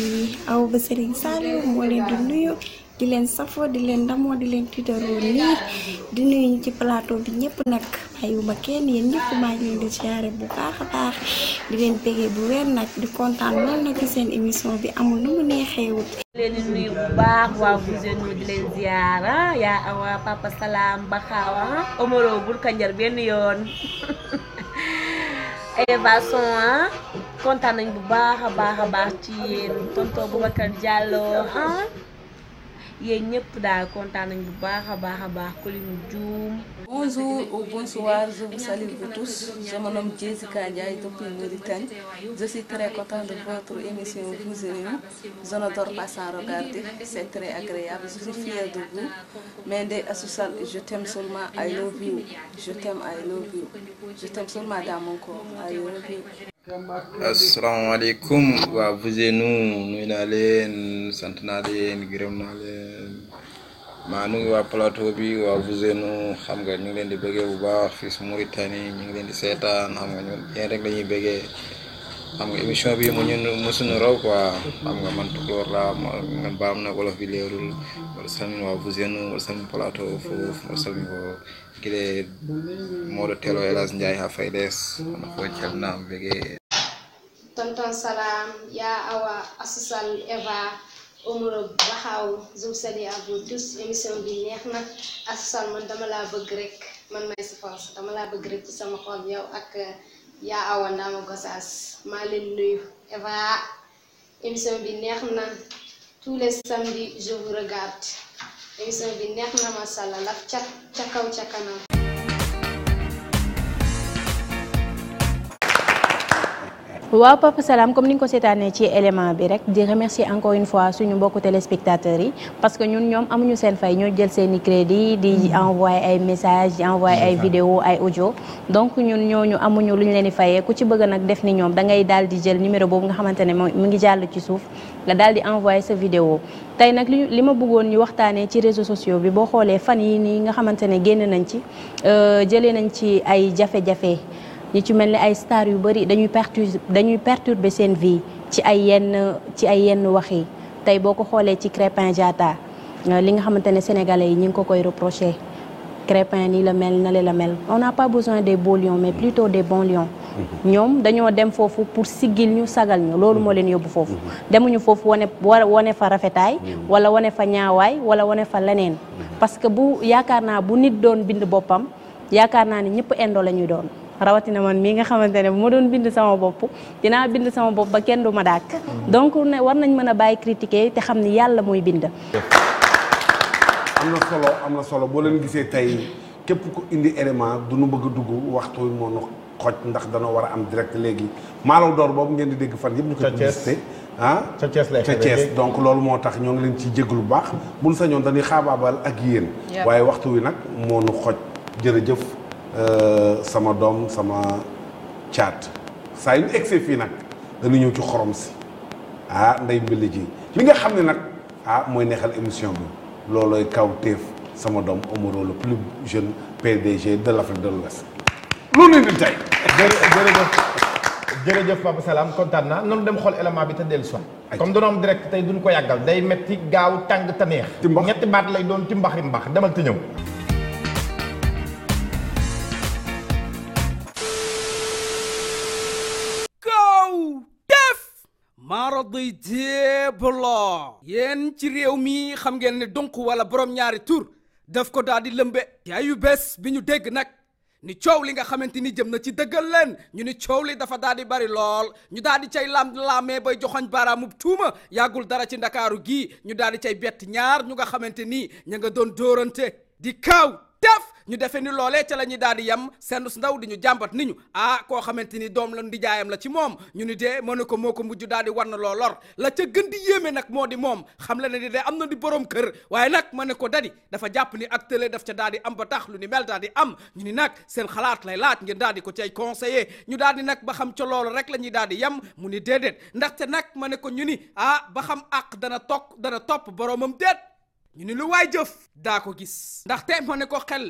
aw ba Serigne Saliou moo leen di nuyu. di leen safoo di leen ndamoo di leen tiitaroo nii di ñu ci plateau bi ñëpp nag bàyyiwuma kenn yéen ñëpp maa leen di siyaare bu baax a baax di leen bégee bu weer nag di kontaan lool nag ci seen émission bi amul lu mu neexee wut. di leen di nuyu bu baax waa Vision di leen ziyaara yaa awa papa salaam baxaawa omoro bul kanjar benn yoon. évasion ah kontaan nañ bu baax a baax a baax ci yéen tonton Boubacar Diallo ah. yéen ñëpp daal kontaan nañ bu baax a baax a baax Coline Dioum. bonjour ou bonsoir je vous salue vous tous je me nomme Jessica Ndiaye depuis Mauritanie je suis très contente de votre émission vous et nous je ne dors pas sans regarder c'est très agréable je suis fière de vous Mende Assousal je t'aime seulement I love you je t'aime I love je t'aime seulement dans mon corps asalaamaaleykum waaw Veuillez Nous nuyu naa leen sant naa leen gërëm naa leen maa ngi waa plateau bi waaw Veuillez Nous xam nga ñu ngi leen di bëggee bu baax fii si Mauritanie ñu ngi leen di seetaan xam nga ñun yéen rek la ñuy xam nga émission bi mu ñun mosuñu raw quoi xam nga man tukulóor laa ma nga baam na wolof bi leerul wala samin waaw Veuillez Nous wala samin plateau foofu wala samin guiɗe moɗo telo elas ndiaye ha faydes ono fo calnama begue tonton salam ya awa asusal eva omoro baxaaw zoum sali à tous émission bi neex na asusal man dama laa bëgg rek man may sifance dama laa bëgg rek ci sama xol yow ak yaa awa ndaama gosaas maa leen nuyu eva émission bi neex na tous les samedis je vous émission bi neex na ma waaw Papa Salam comme ni nga ko seetaanee ci élément bi rek di remercier encore une fois suñu mbokku téléspectateurs yi parce que ñun ñoom amuñu seen fay ñoo jël seen i crédit di mm-hmm. envoyer ay messages di envoyé ay vidéo ay audio donc ñun ñooñu amuñu lu ñu leen di fayee ku ci bëgg nag def ni ñoom da ngay daal di jël numéro boobu nga xamante ne moom mi ngi jàll ci suuf. la daal di envoyé sa video tey nag li ma bëggoon ñu waxtaanee ci réseau sociaux bi boo xoolee fan yi nii nga xamante ne génn nañ ci euh, jëlee nañ ci ay jafe-jafe ñi ci mel ni ay star yu bëri dañuy pertu dañuy perturber seen vie ci ay yenn ci ay yenn wax yi tey boo ko xoolee ci Crépin Diatta euh, li nga xamante ne sénégalais yi ñu ngi ko koy reproché Crépin nii la mel na le la mel on n'a pas besoin des beaux mais plutôt des bons lions ñoom dañoo dem foofu pour siggil ñu sagal ñu loolu moo leen yóbbu foofu demuñu foofu wane wane fa rafetaay wala wane fa ñaawaay wala wane fa leneen parce que bu yaakaar naa bu nit doon bind boppam yaakaar naa ne ñëpp indo lañuy doon rawatina man mii nga xamante ne bu ma doon bind sama bopp dinaa bind sama bopp ba kenn du ma dàkk donc ne war nañ mën a bàyyi critiquer te xam ni yàlla mooy bind am boo leen xooj ndax danoo war a am direct léegi maalaw door boobu ngeen di dégg fan yëpp ñu ko publicité ah ca Thiès donc loolu moo tax ñoo ngi leen ci jéglu bu baax buñ sañoon dañuy xaabaabal ak yéen waaye waxtu wi nag moo xoj jërëjëf euh, sama doom sama caat saa yu ñu egsee fii nag dañu ñëw ci xorom si ah nday mbili ji li nga xam ne nag ah mooy neexal émission bi loolooy kaw téef sama doom Omaro le plus jeune PDG de l'Afrique de l'Ouest lu nu indi tey. jërëjëf jërëjëf Papa Salam kontaan naa noonu dem xool élément bi te dellu si comme dañoo am direct tey duñ ko yàggal day metti gaaw tàng te neex. ñetti lay doon ci mbaxi mbax demal te ñëw. maaraday jéebalo yéen ci réew mi xam ngeen ne donc wala boroom ñaari tur daf ko daal di lëmbe ci ayu bés bi ñu dégg nag ni coow li nga xamante ni jëm na ci dëggal leen ñu ni coow li dafa daal di bari lool ñu daal di cay lam laamee bay joxoñ baaraamub tuuma yàggul dara ci ndakaaru gii ñu daal di cay bett ñaar ñu nga xamante ni ñu nga doon dóorante di kaaw def ñu defee ni loolee ca la ñuy daal di yem seen su ndaw di ñu jàmbat ni ñu ah koo xamante ni doom la di jaayam la ci moom ñu ni dee mën ne ko moo ko mujj daal di war na loo lor la ca gën di yéeme nag moo di moom xam la ne ni dee am na di borom kër waaye nag ne ko dadi dafa jàpp ni ak télé daf ca daal di am ba tax lu ni mel daal di am ñu ni nag seen xalaat lay laaj ngeen daal di ko cay conseiller ñu daal di nag ba xam ca loolu rek la ñuy daal di yem mu ni déedéet ndaxte nag ma ne ko ñu ni ah ba xam àq dana toog dana topp boromam déet ñu ni lu waay jëf daa ko gis ndax ndaxte ma ne ko xel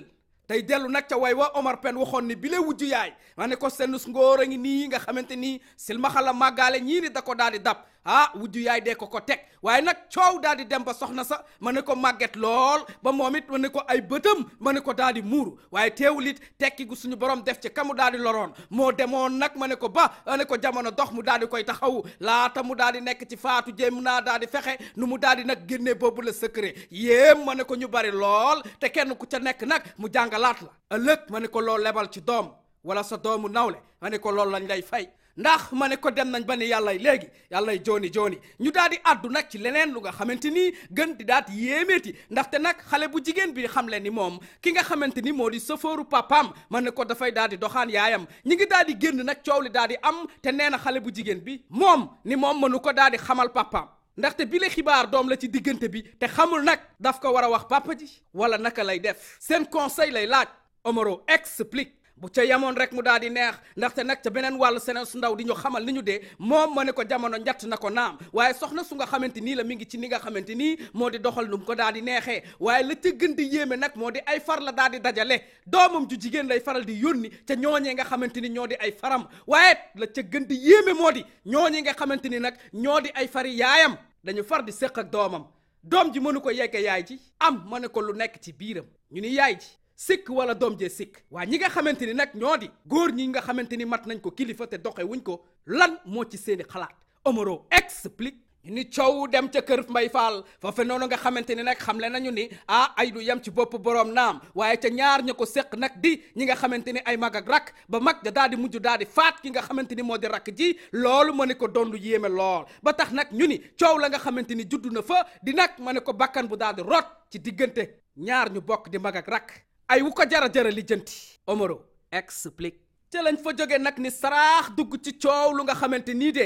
tey dellu nag ca way wa Omar Pène waxoon ni bi lee wujj yaay ma ne ko sennus ngóor a ngi nii nga xamante nii silmaxa la ñii ni da ko daal di dab ah wujju yaay de ko ko teg waaye nag coow daal di dem ba soxna sa ma ne ko màgget lool ba moom it ma ne ko ay bëtam ma ne ko daal di muuru waaye teewul it tekki gu suñu borom def ci kamu daal di loroon moo demoon nag ma ne ko ba ma ne ko jamono dox mu daal di koy taxawu laata mu daal di nekk ci faatu jéem naa daal di fexe nu mu daal nag génnee boobu la secret yéem ma ne ko ñu bari lool te kenn ku ca nekk nag mu jàngalaat la ëllëg ma ne ko loolu lebal ci doom wala sa doomu nawle ma ne ko loolu lañ lay fay ndax ma ne ko dem nañ ba ne yàlla léegi yàllay jooni jooni ñu daal di addu nag ci leneen lu nga xamante ni gën di daat yéemeeti ndaxte nag xale bu jigéen bi xam le ni moom ki nga xamante ni moo di sofooru papam ma ne ko dafay daal di doxaan yaayam ñi ngi daal di génn nag coow li daal di am te nee na xale bu jigéen bi moom ni moom mënu ko daal di xamal papaam ndaxte bi la xibaar doom la ci diggante bi te xamul nag daf ko war a wax papa ji wala naka lay def seen conseil lay laaj Omaro explique bu ca yamoon rek mu daal di neex ndaxte nag ca beneen wàllu seneen su ndaw di ñu xamal ni ñu dee moom ma ne ko jamono njatt na ko naam waaye soxna su nga xamante nii la mi ngi ci ni nga xamante nii moo di doxal nu ko daal di neexee waaye la ca di yéeme nag moo di ay far la daal di dajale doomam ju jigéen lay faral di yónni ca ñooñee nga xamante ni ñoo di ay faram waaye la ca gën di yéeme moo di ñooñee nga xamante ni nag ñoo di ay fari yaayam dañu far di séq ak doomam doom ji mënu ko yekke yaay ji am ma ne ko lu nekk ci biiram ñu ni yaay ji sikk wala doom jee sikk waa ñi nga xamante ni nag ñoo di góor ñi nga xamante ni mat nañ ko kilifa te doxe wuñ ko lan moo ci seeni xalaat Omaro explique ni coow dem ca kër Mbay Faal foofe noonu nga xamante ni nag xamle nañu ni ah ay lu yem ci bopp boroom naam waaye ca ñaar ña ko séq nag di ñi nga xamante ni ay mag ak rakk ba mag ja daal di mujj daal di faat ki nga xamante ni moo di rakk ji loolu ma ne ko doon lu yéeme lool ba tax nag ñu ni coow la nga xamante ni juddu na fa di ma ne ko bakkan bu daal di rot ci diggante ñaar bokk di mag ak rakk ay wu ko jara jara lijjanti Omaro explique ca lañ fa jóge nag ni saraax dugg ci coow lu nga xamante nii de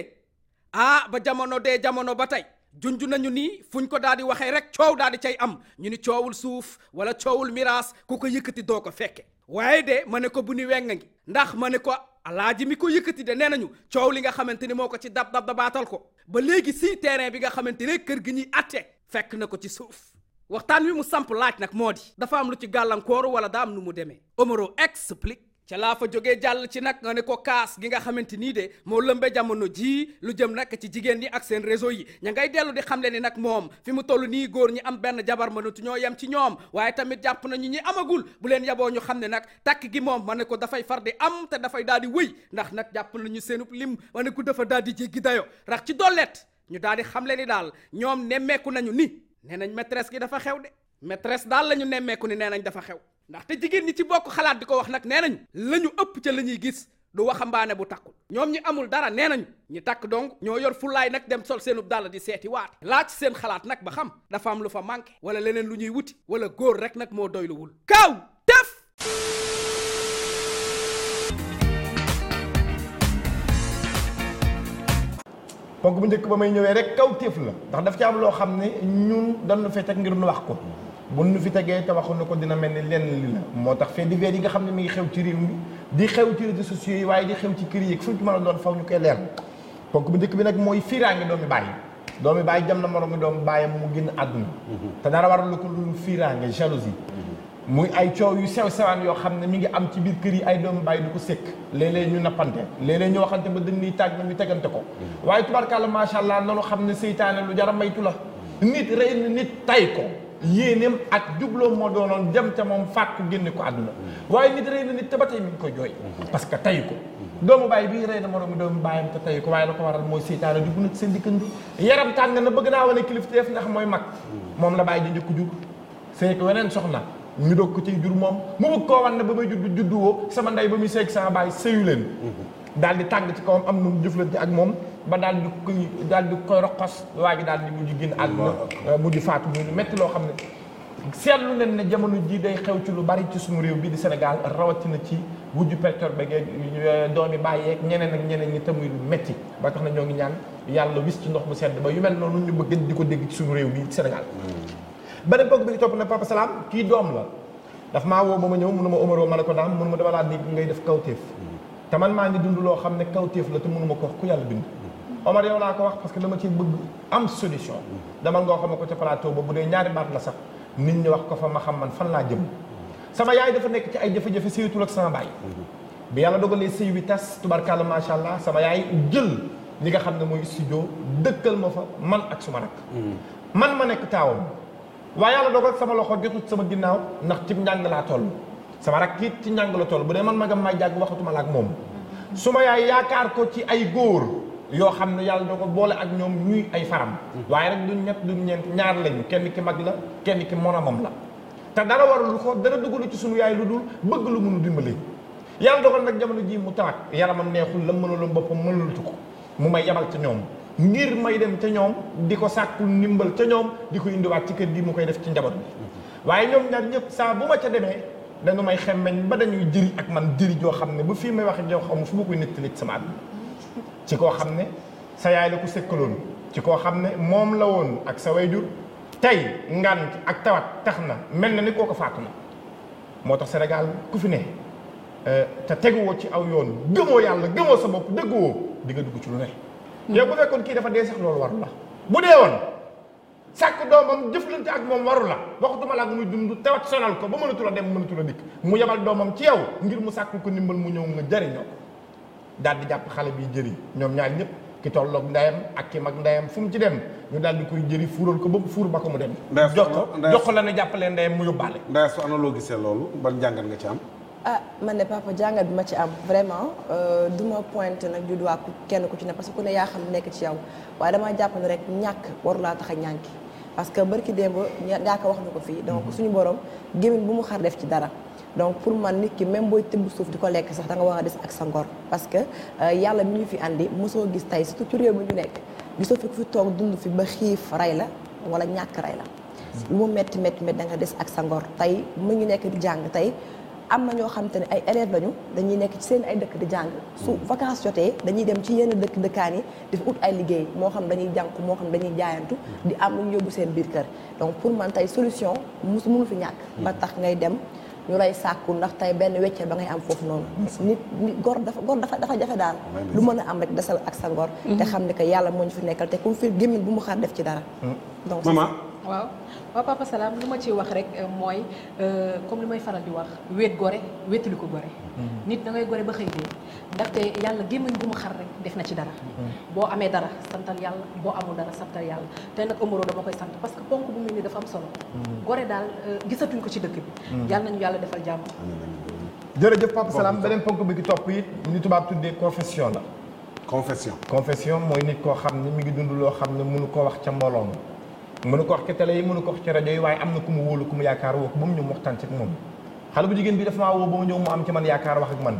ah ba jamono de jamono ba tey junj nañu nii fuñ ko daal di waxee rek coow daal di cay am ñu ni coowul suuf wala coowul miraas ku ko yëkkati doo ko fekke waaye de ma ne ko bu ni wenga ngi ndax ma ne ko alaaji mi ko yëkkati de nee nañu coow li nga xamante ni moo ko ci dab dab dabaatal ko ba léegi si terrain bi nga xamante ne kër gi ñuy atte fekk na ko ci suuf waxtaan wi mu samp laaj nag moo di dafa am lu ci gàllankoor wala daa am nu mu demee Omaro explique ca laa fa jógee jàll ci nag nga ne ko kaas gi nga xamante nii de moo lëmbee jamono jii lu jëm nag ci jigéen ñi ak seen réseau yi ña ngay dellu di xamle ni nag moom fi mu toll nii góor ñi am benn jabar mënatu ñoo yem ci ñoom waaye tamit jàpp nañu ñi amagul bu leen yaboo ñu xam ne nag takk gi moom ma ne ko dafay far di am te dafay daal di wëy ndax nag jàpp nañu seenu lim ma ne dafa daal di jéggi dayo rax ci dolleet ñu daal di xamle ni daal ñoom nemmeeku nañu ni nee nañ maîtresse gi dafa xew de maîtresse daal la ñu nemmeeku ni nee nañ dafa xew ndaxte jigéen ñi ci bokk xalaat di ko wax nag nee nañ la ëpp ca la ñuy gis du waxambaane bu takkul ñoom ñi amul dara nee nañu ñi takk dong ñoo yor fulaay nag dem sol seenub dàll di seeti waate laaj seen xalaat nag ba xam dafa am lu fa manqué wala leneen lu ñuy wuti wala góor rek nag moo doyluwul kaaw ponk bu njëkk ba may ñëwee rek kaw téef la ndax daf ci am loo xam ne ñun dañu fi teg ngir nu wax ko bu nu fi tegee te waxuñu ko dina mel ni lenn li la moo tax fait divers yi nga xam ne mi ngi xew ci réew mi di xew ci réseaux sociaux yi waaye di xew ci kër yi fu ñu mën a doon faw ñu koy leer ponk bu njëkk bi nag mooy fiiraange doomi bàyyi doomi bàyyi jam na moroom mi doomu bàyyam mu génn àdduna mm-hmm. te dara waral lu ko lu fiiraange jalousie muy ay coow yu sew sewaan yoo xam ne mi ngi am ci biir kër yi ay doomu bàyyi di ko sékk lee léeg ñu nappante léeg-léeg ñu waxante ba dënn yi tàgg na ñu tegante ko mm-hmm. waaye tubarkàlla macha allah nanu xam ne seytaane lu jara maytu la nit rey na nit tay ko yéeneem ak jubloom moo doonoon dem te moom faat ko génne ko àdduna mm-hmm. waaye nit rey na nit te ba tey mi ngi koy jooy mm-hmm. parce que tay ko doomu baay bii rey na moroomi doomu baayam te ko waaye la ko waral mooy seytaane jub na ci seen dikkandi yaram tàng na bëgg naa wane kilifteef ndax mooy mag moom la bàyyi di njëkk jur seet weneen soxna ñu doog ko ci jur moom mu bëgg koo wan ne ba may jur bi juddu woo sama ndey ba muy seeg sama baay sëyu leen daal di tàng ci kawam am nu mu jëflante ak moom ba daal di koy daal di koy roqos waa ji daal di mujj génn àdduna mujj faatu mu metti loo xam ne seetlu nañ ne jamono ji day xew ci lu bari ci suñu réew bi di Sénégal rawatina ci wujju pertor begeeg euh, doomi bàyyeeg ñeneen ak ñeneen ñi te muy lu metti ba tax na ñoo ngi ñaan yàlla wis ci ndox mu sedd ba yu mel noonu ñu bëgg di ko dégg ci suñu réew bi Sénégal mm. beneen bokk bi ci topp na papa salaam kii doom la daf maa woo ba ma ñëw mënu ma Omaro ma ne ko daam mënu ma dama laa dégg ngay def kawteef te man maa ngi dund loo xam ne kawteef la te mënu ma ko wax ku yàlla bind Omar yow laa ko wax parce que dama ci bëgg am solution dama ngoo ma ko ca plateau ba bu dee ñaari baat la sax nit ñi wax ko fa ma xam man fan laa jëm sama yaay dafa nekk ci ay jafe-jafe sëyatul ak sama baay bi yàlla dogalee sëy bi tas tubarkàlla macha allah sama yaay jël ñi nga xam ne mooy studio dëkkal ma fa man ak suma rak mm. man ma nekk taawam waa yàlla dogal sama loxo jotul sama ginnaaw ndax ci njàng laa toll sama rakk it ci njàng la toll bu dee man magam may jàng waxatuma la ak moom su ma yaay yaakaar ko ci ay góor yoo xam ne yàlla da ko boole ak ñoom ñuy ay faram waaye rek duñ ñett duñ ñeent ñaar lañu kenn ki mag la kenn ki moromam la te dara warul ko dara dugalu ci suma yaay lu dul bëgg lu mënu dimbali yàlla dogal nag jamono jii mu tawat yaramam neexul la mënaloon boppam mënulatu ko mu may yabal ci ñoom ngir may dem ca ñoom di ko sàkkul ndimbal ca ñoom di ko indiwaat ci kër gi mu koy def ci njaboot bi waaye ñoom ñaar ñëpp saa bu ma ca demee dañu may xemmeñ ba dañuy jëri ak man jëri joo xam ne bu fii may waxee joo xam fu ma koy nettali sama at koo xam ne sa yaay la ko ci koo xam ne moom la woon ak sa wayjur tey ngant ak tawat tax na mel na ni kooku faatu na moo tax Sénégal ku fi ne euh, te woo ci aw yoon gëmoo yàlla gëmoo sa bopp dëgguwoo di nga dugg ci lu ne yow bu fekkoon kii dafa dee sax loolu waru bu dee woon sàkk doomam jëflante ak moom waru la waxatuma la ak muy dund tawat sonal ko ba mënatu la dem mënatu la dikk mu yebal doomam ci yow ngir mu sàkk ko ndimbal mu ñëw nga jëriñoo daal di jàpp xale bi jëriñ ñoom ñaar ñëpp ki tolloog ndayam ak ki mag ndeyam fu mu ci dem ñu daal di koy jëri fuural ko ba fuur ba ko mu dem jox ko jox ko la ne jàppalee ndayam mu yóbbaale ndaes su ana loo gisee loolu ban jàngat nga ci am ah man ne papa jànga bi ma ci am vraiment euh, du ma pointe nag du doigt kenn ku ci ne parce que ku ne yaa xam nekk ci yow waaye damaa jàpp rek ñàkk warulaa tax a ñànki parce que barki démb yaa ko wax na ko fii donc mhm. suñu borom gémmiñ bu mu xar def ci dara donc pour man nit ki même booy tibb suuf di ko lekk sax danga nga war a des ak sa ngor parce que euh, yàlla mi ñu fi andi mosoo gis tey surtout ci réew mi ñu nekk gisoo fi ku fi toog dund fi ba xiif rey la wala ñàkk rey la mhm. lu métti métti métti da des ak sa tey mu ngi nekk di jàng tey am na ñoo xam te ne ay élèves lañu dañuy nekk ci seen ay dëkk di jàng su hmm. vacances jotee dañuy dem ci yenn dëkk dëkkaan yi dafa ut ay liggéey moo xam dañuy jànku moo xam dañuy jaayantu hmm. di am lu ñu seen biir kër donc pour man tey solution musu fi ñàkk hmm. ba tax ngay dem ñu lay sàkku ndax tey benn weccee ba ngay am foofu noonu nit gor dafa gor dafa dafa jafe daal lu mën a am rek desal ak sa ngor te xam ne que yàlla moo ñu fi nekkal te ku fi gémmiñ bu mu xar def ci dara donc maman waaw waaw papa salaam ma ci wax rek euh, mooy euh, comme li may faral di wax wéet gore wéetali ko gore mm-hmm. nit da ngay gore ba xëy dee ndaxte yàlla gémmiñ bu mu xar rek def na ci dara mm-hmm. boo amee dara santal yàlla boo amul dara santal yàlla te nag Omaro dama koy sant parce que ponk bu mel ni dafa am solo mm-hmm. gore daal euh, gisatuñ ko ci dëkk bi yàlla nañu yàlla defal jàmm jërëjëf papa salaam beneen ponk bi ki topp it ni tubaab tuddee confession la confession confession mooy nit koo xam ne mu ngi dund loo xam ne mënu ko wax ca mbooloo mënu ko wax ci télé yi mënu ko wax ci rajo waaye am na ku mu wóolu ku mu yaakaar woo ko ba mu ñëw waxtaan ci ak moom xale bu jigéen bi dafa maa woo ba mu ñëw mu am ci man yaakaar wax ak man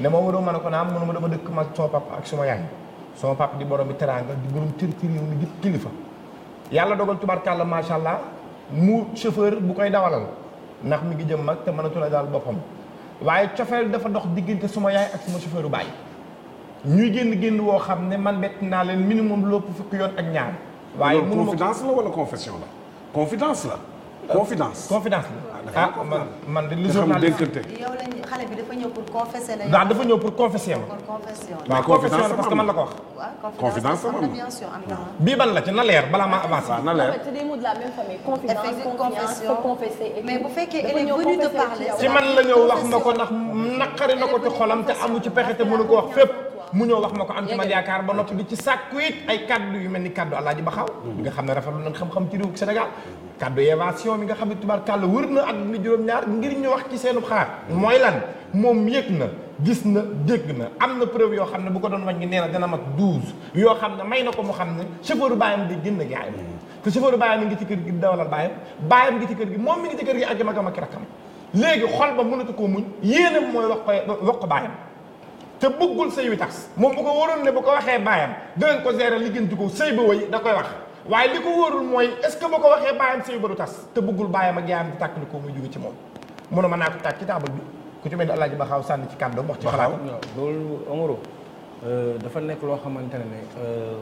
ne moom ma doon mën a ko dama dëkk ma sama papa ak suma yaay sama papa di borom bi teraanga di borom cër ci réew mi di kilifa yàlla dogal tubaarkàlla macha allah mu chauffeur bu koy dawalal ndax mi ngi jëm mag te mënatu la daal boppam waaye cofeel dafa dox diggante suma yaay ak suma bu bàyyi ñuy génn génn woo xam ne man bett naa leen minimum lopp fukki yoon ak ñaar waaye mënu ma confidence la wala confession la confidence la. Euh, confidence confidence la. ah, ah man man de li journaliste yow lañ xale bi dafa ñëw pour confesser la. waaw dafa ñëw pour confesser ma. waaw confidence la parce que man la ko wax. confidence am na bien sûr am na. bii ban la ci na leer balaa maa avancé. waaw na leer c'est des mots de la même famille. confidence confession confesser mais bu fekkee elle est venue te parler. ci man la ñëw wax na ko ndax naqari na ko ci xolam te amu ci pexe te mënu ko wax fépp. mu ñëw wax ma ko am ci man yaakaar ba noppi di ci sàkku it ay kaddu yu mel ni kaddu Alaaji Baxaw mi nga xam ne rafetlu nañ xam-xam ci réewu Sénégal kaddu évasion mi nga xam ne tubaarkàlla wër na ak ni juróom-ñaar ngir ñu wax ci seenu xaar mooy lan moom yëg na gis na dégg na am na preuve yoo xam ne bu ko doon wàññi nee na dana mag douze yoo xam ne may na ko mu xam ne chauffeur bàyyam di génn yaayam te chauffeur bàyyam ngi ci kër gi dawalal bàyyam bàyyam ngi ci kër gi moom mi ngi ci kër gi ak magam ak rakkam léegi xol ba mënatu ko muñ yéenam mooy wax ko wax ko bàyyam te bëggul sëy wi tas moom bu ko wóoroon ne bu ko waxee baayam dinañ ko gérer liggéeyantu ko sëy ba wëy da koy wax waaye li ko wóorul mooy est-ce que bu ko waxee baayam sëy ba du tas te bëggul baayam a yaayam di tàkk li ko muy jóge ci moom taabal bi ku ci mel ni Alaaji Baxaaw sànni ci kàddoom wax ci xalaat loolu Omaro euh, dafa nekk loo xamante ne euh,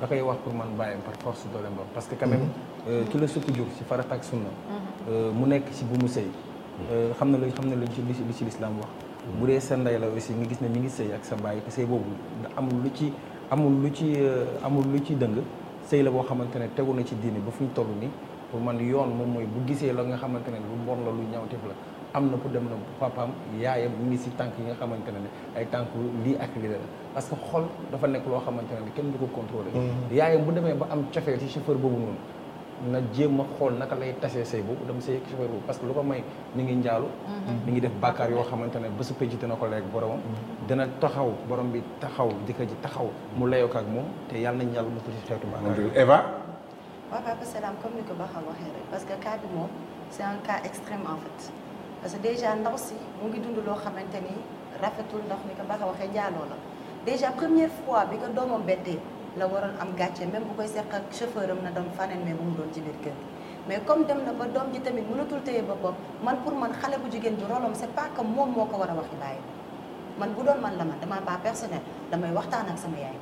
da koy wax pour man bàyyam par force doole mbam parce que quand mm-hmm. euh, ki la sukk jur ci farata mm-hmm. mu nekk ci bu mu sëy mm-hmm. xam na lu xam na lu ci li ci lislaam wax bu dee sa ndey la aussi nga gis ne mi ngi sëy ak sa baay te sëy boobu amul lu ci amul lu ci euh, amul lu ci dëng sëy la boo xamante ne tegu na ci diini ba fu ñu toll nii pour man yoon moom mooy bu gisee la nga xamante ne lu mbon la lu ñawteef la am na pour dem na papaam yaayam mu ngi si tànk yi nga xamante ne ay tànk lii ak lii la parce que xol dafa nekk loo xamante ne kenn du ko contrôler mm-hmm. yaayam bu demee ba am cofeel ci chauffeur boobu noonu na jéem a xool naka lay tase sëy boobu dem sëy ak chauffeur boobu parce que lu ko may mi ngi njaalu mhm. mi ngi def bàkkaar yoo xamante ne bésu pénc dina ko leeg boromam mhm. dana taxaw borom bi taxaw jëkkër ji taxaw mu layook ak moom te yàlla na yàlla musal ni ko Baxa waxee rek parce que cas bi moom c'est un cas extrême en déjà ndaw si mu ngi dund loo xamante rafetul ndax ni ko Baxa waxee njaaloo la déjà première fois bi ko doomam bettee la waroon am gàcce même bu koy seq ak chauffeur am na doon faneen mais bu mu doon ci biir kër gi mais comme dem na ba doom ji tamit mënatul téye boppam man pour man xale bu jigéen bi rolam c'est pas que moom moo ko war a waxi bàyyi man bu doon man la man dama pas personnel damay waxtaan ak sama yaay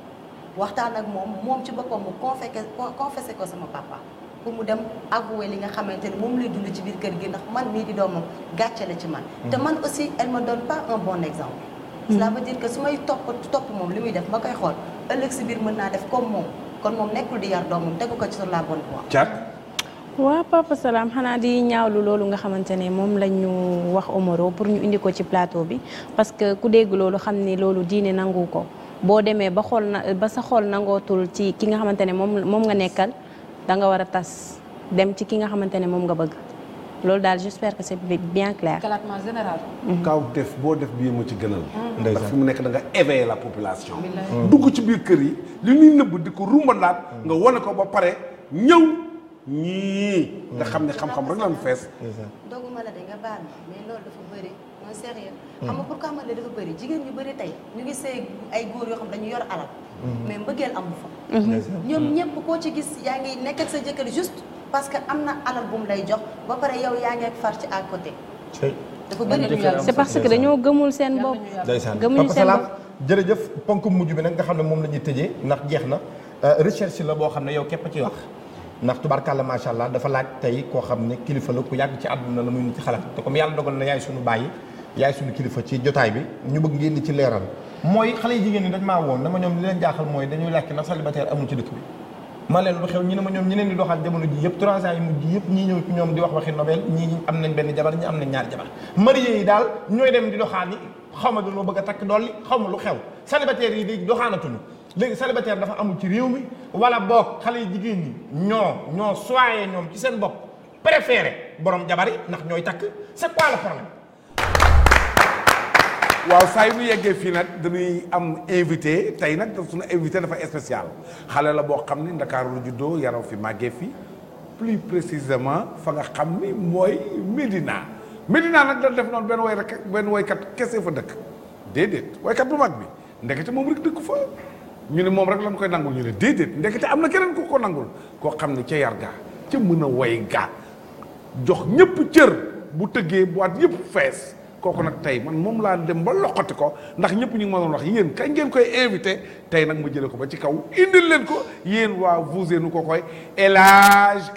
waxtaan ak moom moom ci boppam mu confeque confessé ko sama papa pour mu dem avoué li nga xamante ni moom lay dund ci biir kër gi ndax man mii di doomam gàcce la ci man mm-hmm. te man aussi elle me donne pas un bon cela veut dire que su may topp topp moom li muy def ma koy xool ëllëg si biir mën naa def comme moom kon moom nekkul di yar doomam tegu ko ci sur la bonne voie. Thiat. waaw papa salaam xanaa di ñaawlu loolu nga xamante ne moom la ñu wax Omaro pour ñu indi ko ci plateau bi parce que ku dégg loolu xam ni loolu diine nangu ko boo demee ba xool na ba sa xool nangootul ci ki nga xamante ne moom moom nga nekkal da nga war a tas dem ci ki nga xamante ne moom nga bëgg. loolu daal j'espère que c'est bien clair. éclatement général. Mm-hmm. kaw def boo def bii mu ci gënal. Mm-hmm. ndax fi mu nekk da nga éveiller la population. Mm-hmm. dugg ci biir kër yi li ñuy nëbb di ko rumbalaat. nga wane ko ba pare ñëw ñii. nga xam ne xam-xam rek la ñu fees. doguma la de nga baal ma mais loolu dafa bëri mooy sérieux. xam nga pourquoi ma la dafa bëri jigéen ñu bëri tey ñu ngi ay góor yoo xam dañu yor alal. mais mbëggeel amu fa. ñoom ñëpp koo ci gis yaa ngi nekk parce que am na alal bu mu lay jox ba pare yow yaa ngi far ci à côté. dafa bëri lu c'est parce que dañoo gëmul seen bopp. ndeysaan gëmuñu seen bopp jërëjëf ponk mujj bi nag nga xam ne moom la ñuy tëjee ndax jeex na euh, recherche la boo xam ne yow képp ci wax ndax tubaarkàlla macha allah dafa laaj tey koo xam ne kilifa la ku yàgg ci àdduna la muy nit ci xalaat te comme yàlla dogal na yaay suñu bàyyi yaay suñu kilifa ci jotaay bi ñu bëgg ngeen di ci leeral mooy xale yi jigéen ñi dañ maa woon dama ñoom li leen jaaxal mooy dañuy laajte man leen lu xew ñu ne ma ñoom ñi leen di doxal jamono ji yëpp trois ans yi mujj yëpp ñii ñëw ci ñoom di wax waxi nobel ñii am nañ benn jabar ñi am nañ ñaari jabar marié yi daal ñooy dem di doxaan yi xaw ma dañoo bëgg a takk dolli xaw ma lu xew célibataire yi léegi doxaanatuñu léegi célibataire dafa amul ci réew mi wala boog xale yi jigéen ñi ñoo ñoo soyé ñoom ci seen bopp préféré borom jabar yi ndax ñooy takk c'est quoi le waaw saa yu ñu yeggee fii nag dañuy am invité tey nag suñu invité dafa spécial xale la boo xam ni Ndakaaru la juddoo yaraw fi màggee fi plus précisément fa nga xam ni mooy Médina Médina nag da def noonu benn way rek benn waykat kese fa dëkk déedéet waykat bu mag bi ndekete moom rek dëkk fa ñu ne moom rek lañ koy nangul ñu ne déedéet ndekete am na keneen ku ko nangul koo xam ne ca yar ga ca mën a way ga jox ñëpp cër bu tëggee bu waat ñëpp fees kooku nag tey man moom laa dem ba loqati ko ndax ñëpp ñu ngi ma doon wax yéen kañ ngeen koy invité tey nag ma jële ko ba ci kaw indil leen ko yéen waa vous nu ko koy El Hadj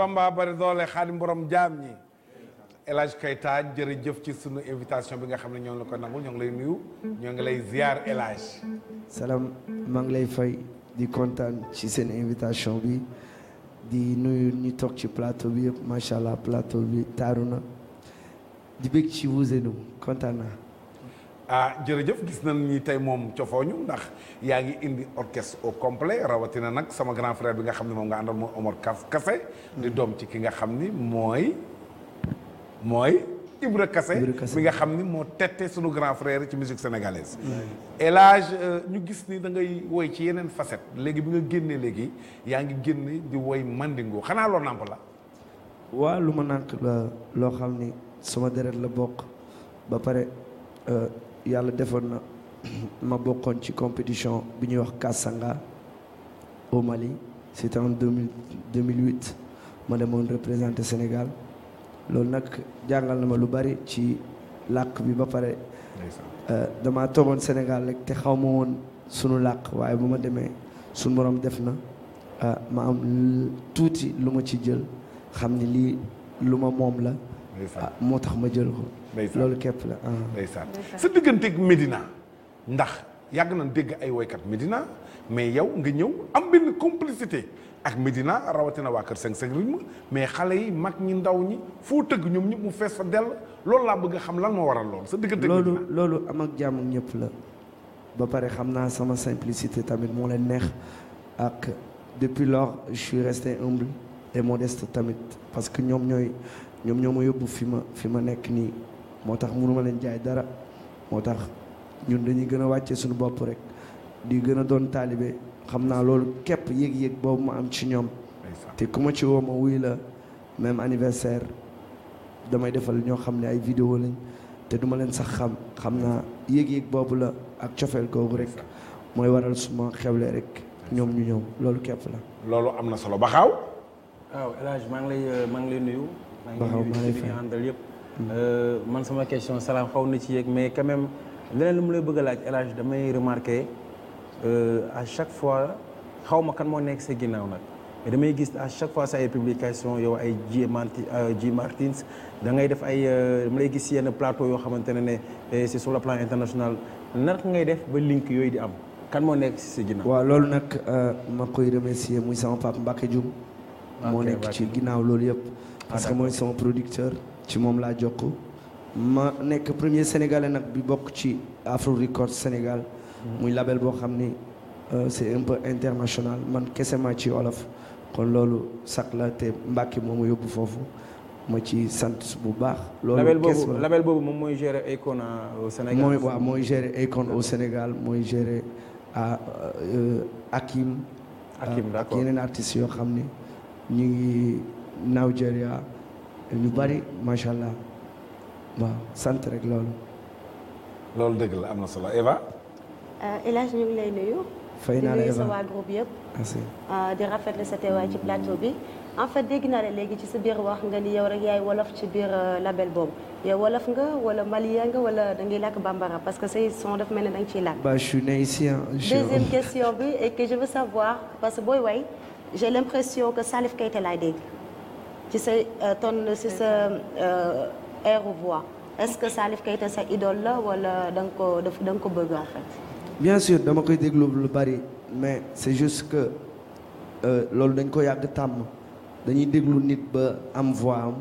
Bamba bari doole xaadim borom jaam ñi El Hadj Keita jërëjëf ci sunu invitation bi nga xam ne ñoo ngi la ko nangul ñoo ngi lay nuyu ñoo ngi lay ziar El Hadj salaam maa ngi lay fay di kontaan ci seen invitation bi di nuyu ñi toog ci plateau bi yëpp macha allah plateau bi taaru na di bég ci vous et kontaan naa ah jërëjëf gis na ni tey moom cofooñu ndax yaa ngi indi orchestre au complet rawatina nag sama grand frère bi nga xam ne moom nga àndal mooy Omar Kassé di mm. doom ci ki nga xam ni mooy mooy Ibra Kassé bi nga xam ni moo tette suñu grand frère ci musique sénégalaise El euh, ñu gis ni da ngay woy ci yeneen facette léegi bi nga génnee léegi yaa ngi génne di woy mandingo xanaa loo nàmp la waa lu ma nàmp loo xam ni suma deret la bokk ba pare euh, yàlla defoon na ma bokkoon ci compétition bi ñuy wax Kassanga au Mali c'était en 2008 ma demoon représenter Sénégal loolu nag jàngal na ma lu bari ci làkk bi ba pare euh, damaa toogoon Sénégal rek te xaw ma woon sunu làkk waaye bu ma demee sunu borom def na euh, ma am tuuti lu ma ci jël xam ni lii lu ma moom la ah, moo tax ma jël ko loolu képp la ah. ndeysaan sa digganteeg Médina ndax yàgg na dégg ay woykat Médina mais yow nga ñëw am benn complicité ak Médina rawatina waa Kër 5-5 rythme mais xale yi mag ñi ndaw ñi foo tëgg ñoom ñëpp mu fees fa dell loolu laa bëgg a xam lan moo waral loolu sa digganteeg loolu loolu am ak jàmm ñëpp la ba pare xam naa sama simplicité tamit moo leen neex ak depuis lors su suis resté humble et modeste tamit parce que ñoom ñooy ñoom ñoo ma yóbbu fi ma fi ma nekk nii moo tax mënuma leen jaay dara moo tax ñun dañuy gën a wàccee suñu bopp rek di gën a doon taalibe xam naa loolu képp yéeg-yéeg boobu ma am ci ñoom te ku ma ci woo ma wuy la même anniversaire damay defal ñoo xam ne ay vidéo lañ te duma leen sax xam xam naa yéeg-yéeg boobu la ak cofeel googu rek mooy waral suma xewle rek ñoom ñu ñëw loolu képp la loolu am na solo ba xaaw waaw maa ngi lay maa ngi lay nuyu maa ngi àndal yëpp Euh, man sama question salaam xaw na ci yeeg mais quand même leneen lu mu lay bëgg a laaj El Hadj damay remarqué euh, à chaque fois xaw ma kan moo nekk sa ginnaaw nag damay gis à chaque fois sa publication yow ay J Marti euh, J Martins da ngay def ay dama lay yenn plateau yoo xamante ne ne eh, c'est sur le plan international naka ngay def ba link yooyu di am kan moo nekk si sa ginnaaw. loolu nag ma koy remercier muy sama papa Mbacke Dioum. moo nekk ci ginnaaw loolu yëpp. parce que mooy sama producteur. ci moom laa jokk ma nekk premier sénégalais nag bi bokk ci Afro Records Sénégal muy label boo xam ni euh, c'est un peu international man kese maa ci olof kon loolu sax la te Mbàkke moom ma yóbbu foofu ma ci sant bu baax. loolu kees la boobu moom mooy gérer Akon euh, au Sénégal. mooy waaw mooy gérer Akon au Sénégal mooy gérer euh, Hakim. Hakim yoo xam ni ñu ngi Nigeria. ñu bari macha allah waaw sant rek loolu. loolu dëgg la am na solo Eva. Euh, El Hadj ñu ngi lay nuyu. fay naa la Eva di nuyu sa waa groupe yëpp. merci euh, di rafetlu sa teewaay ci plateau bi. en fait dégg naa la léegi ci sa biir wax nga ni yow rek yaay wolof ci biir euh, label boobu yow wolof nga wala malien nga wala da ngay làkk bambara parce que say son daf mel ne da nga ciy làkk. bah je suis né ici hein. deuxième question bi et que je veux savoir parce que booy way j'ai l'impression que Salif Keita laay dégg. ci sa euh, ton ci sa euh, air voix est-ce que Salif Keita sa idole la wala danga nga ko da nga ko bëgg en bien sûr dama koy déglu lu bari mais c'est juste que euh, loolu dañ ko yàgg tàmm dañuy déglu nit ba am voix am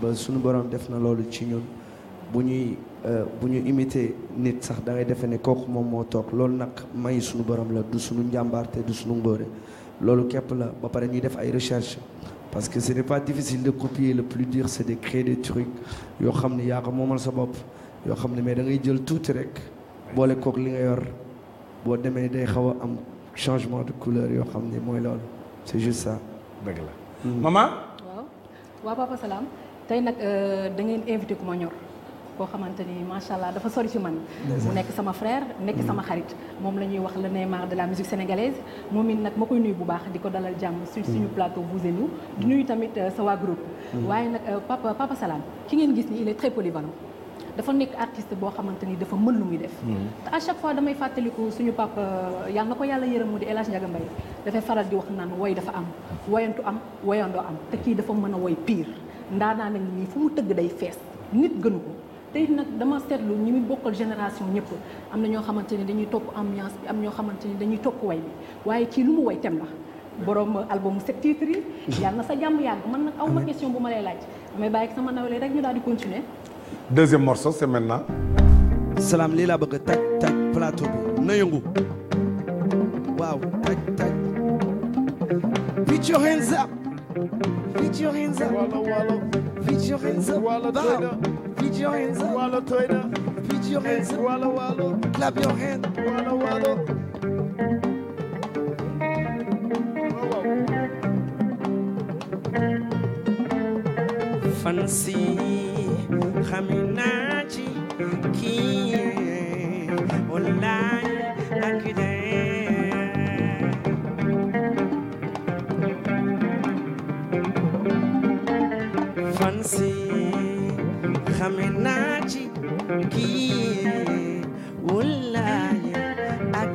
ba sunu borom def na loolu ci ñun bu ñuy bu ñu imité nit sax da ngay defee ne kooku moom moo toog loolu nag may suñu borom la du suñu njàmbaarte du suñu mbóore loolu képp la ba pare ñuy def ay recherche parce que ce n'est pas difficile de copier le plus dur c'est de créer des trucs yoo xam ne yaa ko a sa bopp yoo xam ne mais da ngay jël tuuti rek boole kook li nga yor boo demee day xaw a am changement de couleur yoo xam ne mooy lool c'est juste ça. dëgg la mm. maman. waaw papa salaam tey nag euh, da ngeen invité ku ma ñor. koo xamante ni macha allah dafa sori ci man mu nekk sama frère nekk sama mm. xarit moom la ñuy wax le Neymar de la musique sénégalaise moom it nag ma koy nuyu bu baax di ko dalal jàmm su mm. suñu plateau vous et nous tamit euh, sa waa groupe mm. waaye nag euh, papa papa Salam ki ngeen gis ni il est très polyvalent dafa nekk artiste boo xamante ni dafa mën lu muy def te à chaque fois damay fàttaliku suñu papa euh, yàlla na ko yàlla yërëm mu di El Hadj dafay faral di wax naan woy dafa am woyantu am woyandoo am te kii dafa mën a woy pire ndaanaa nag nii fu mu tëgg day fees nit gënu ko tey nag dama seetlu ñi mu bokkal génération ñëpp am na ñoo xamante ne dañuy topp ambiance bi am ñoo xamante ne dañuy topp way bi waaye ci lu mu way tem la borom album sept titres yi. yàlla na sa jàmm yàgg man nag aw ma question bu ma lay laaj damay bàyyi sama nawle rek ñu daal di continuer. deuxième morceau c'est maintenant. salaam lii laa bëgg a taj taj plateau bi na yëngu waaw taj taj. put your hands Put your hands up. Walla walla. Put your hands up. Walla toida. Put your hands up. Walla toida. Put your hands up. Walla walla. Clap your hand. Walla walla. Fancy xaminaci kii wallaahi si xame naa ci kii wulaay ak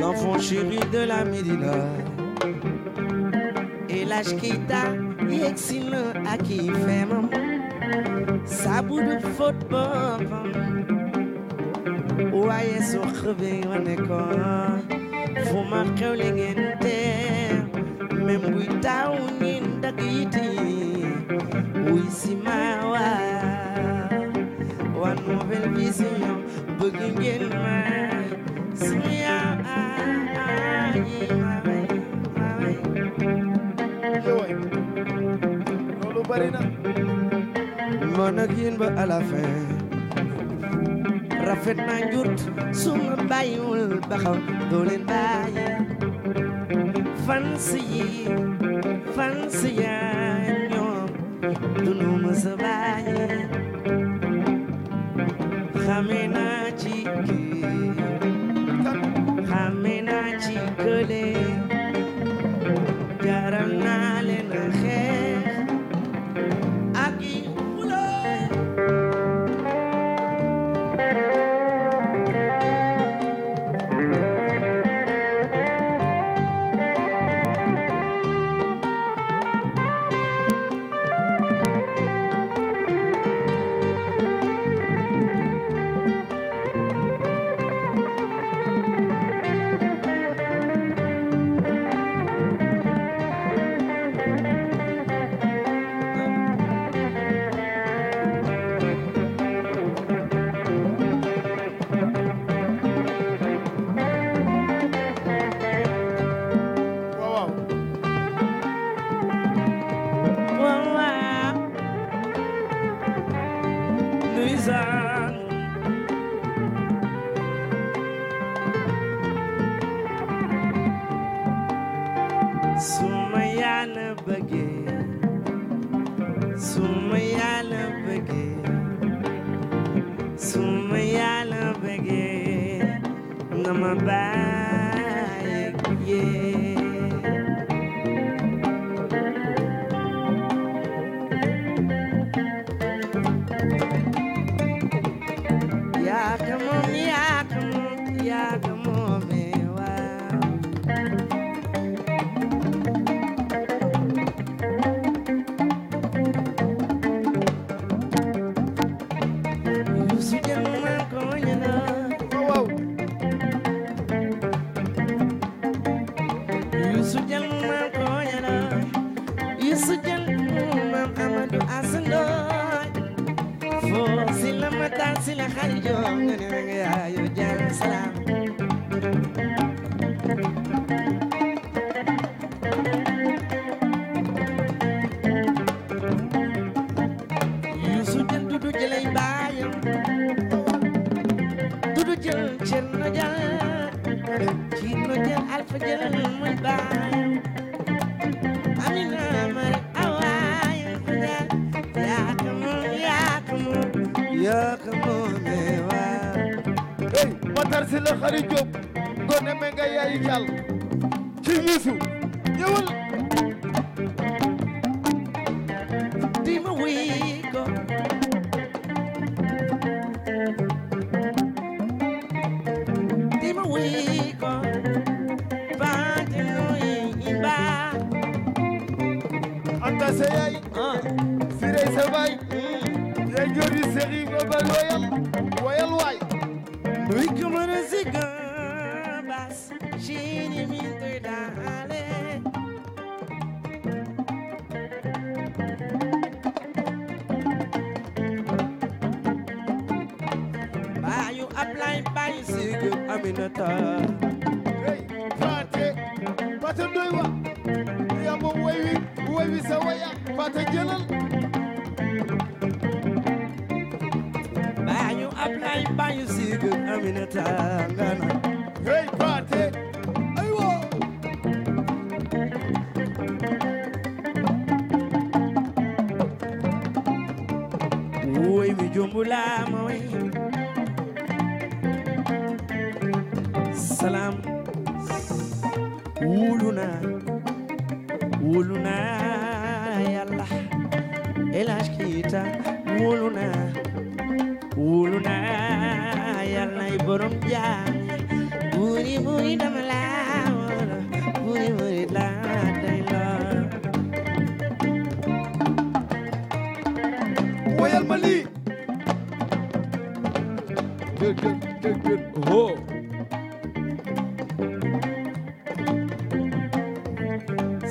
l'enfant chéri de la Médina et l'âge qui t'a yegsi na ak i femam saabu du fóot boppam waaye soo xëbee nga nekkoon fu ma xewle ngeen teew même buy taw ni ndag yi wuy si ma waaw waa Nouvelle Vision bëgg ngeen ma si ma wey ma wey yooy loolu bari na moo nag yéen ba à rafet na njurt su ma bàyyiwul ba xaw doo leen bàyyi fans yi fans yaa ñoom du nu ma sa bàyyi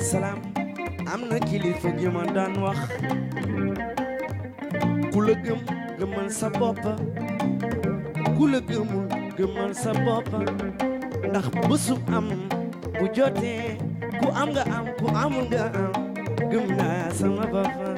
salaam am na kilifa a ma daan wax ku la gëm gëmal sa bopp ku gëmul gëmal sa bopp ndax bësu am bu jotee ku am nga am ku amul nga am gëm naa sama bopp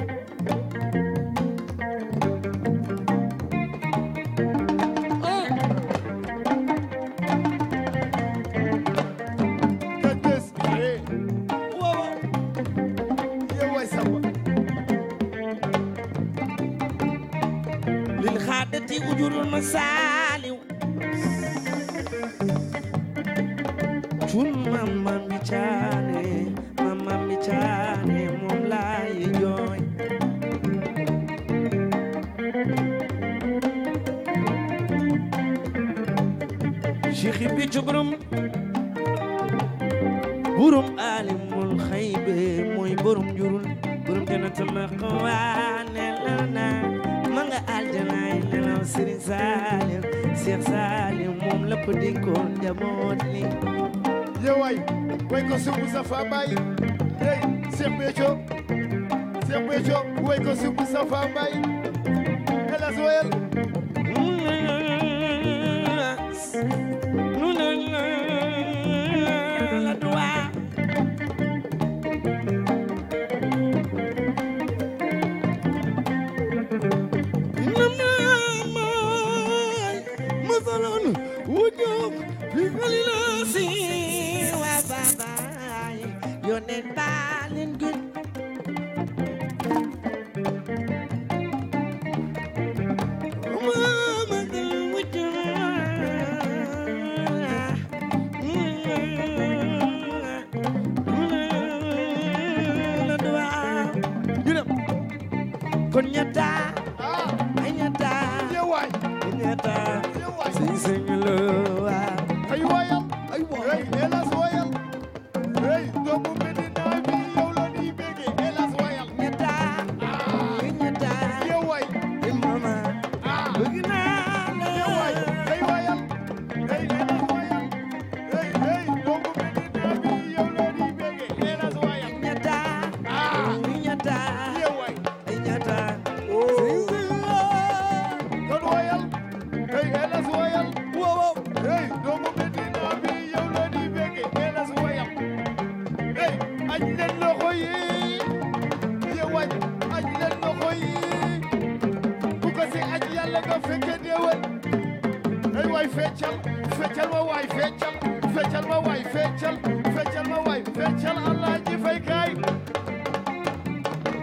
feccal feccal ma waay feccal feccal ma waay feccal feccal ma waay feccal allah ji fay kaay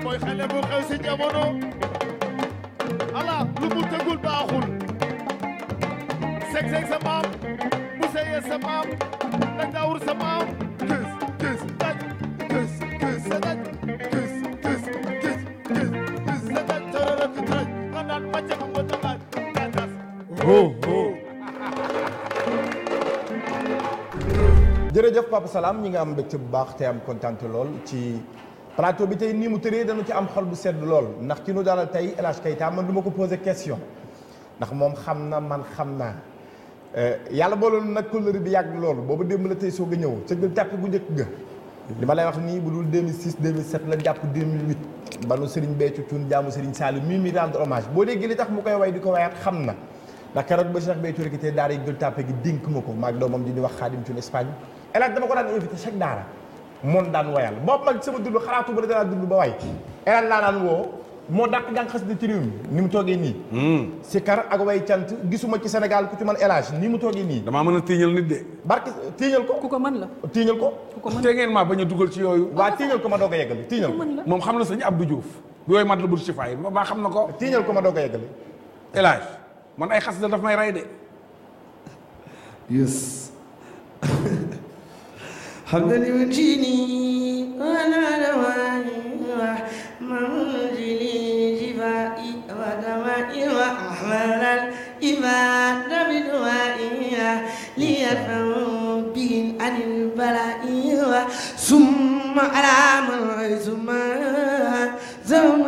mooy xale bu xew si jamono ala lu mu tegul baaxul seg sa maam bu seyee sa maam da nga sa maam jërëjëf Papa Salam ñi nga am mbégte bu baax te am kontaan lool ci plateau bi tey nii mu tëree dañu ci am xol bu sedd lool ndax ki nu dalal tey El Hadj Keita man du ma ko posé question ndax moom xam na man xam naa euh, yàlla booloon nag kóllëre bi yàgg lool boobu démb la tey soog a ñëw ca gën tàpp gu njëkk ga. li ma lay wax nii bu dul la jàpp banu Serigne Béthio Thioune jaamu Serigne Saliou mii mi rendre hommage boo déggee li tax mu koy way di ko wayaat xam na ndax keroog wax Xaadim Thioune El Hadj dama ko daan invité chaque daara moom daan woyal boobu man sama dund xalaatu ba danaa dund ba way El Hadj laa daan woo moo dàq jàng xasida ci réew mi ni mu toogee nii. Hmm. Sikar ak way cant gisuma ci Sénégal ku ci man El Hadj ni mu toogee nii. damaa mën a tiiñal nit de. barke tiiñal ko. ku ko mën la tiiñal ko. ku ko mën la ngeen maa bañ a dugal ci yooyu. waa tiiñal ko ma doog a yeggali tiiñal ko. moom xam na sëñ Abdou Diouf. yooyu mat la bu ci fay ba xam na ko. tiiñal ko ma doog a yeggali. El Hadj man ay xasida daf may rey de. حمدا ينجيني وانا دواني ومنزلي شفائي ودمائي واحمل الإيمان بدوائي ليرفعوا به عن البلاء ثم على من ثم ثم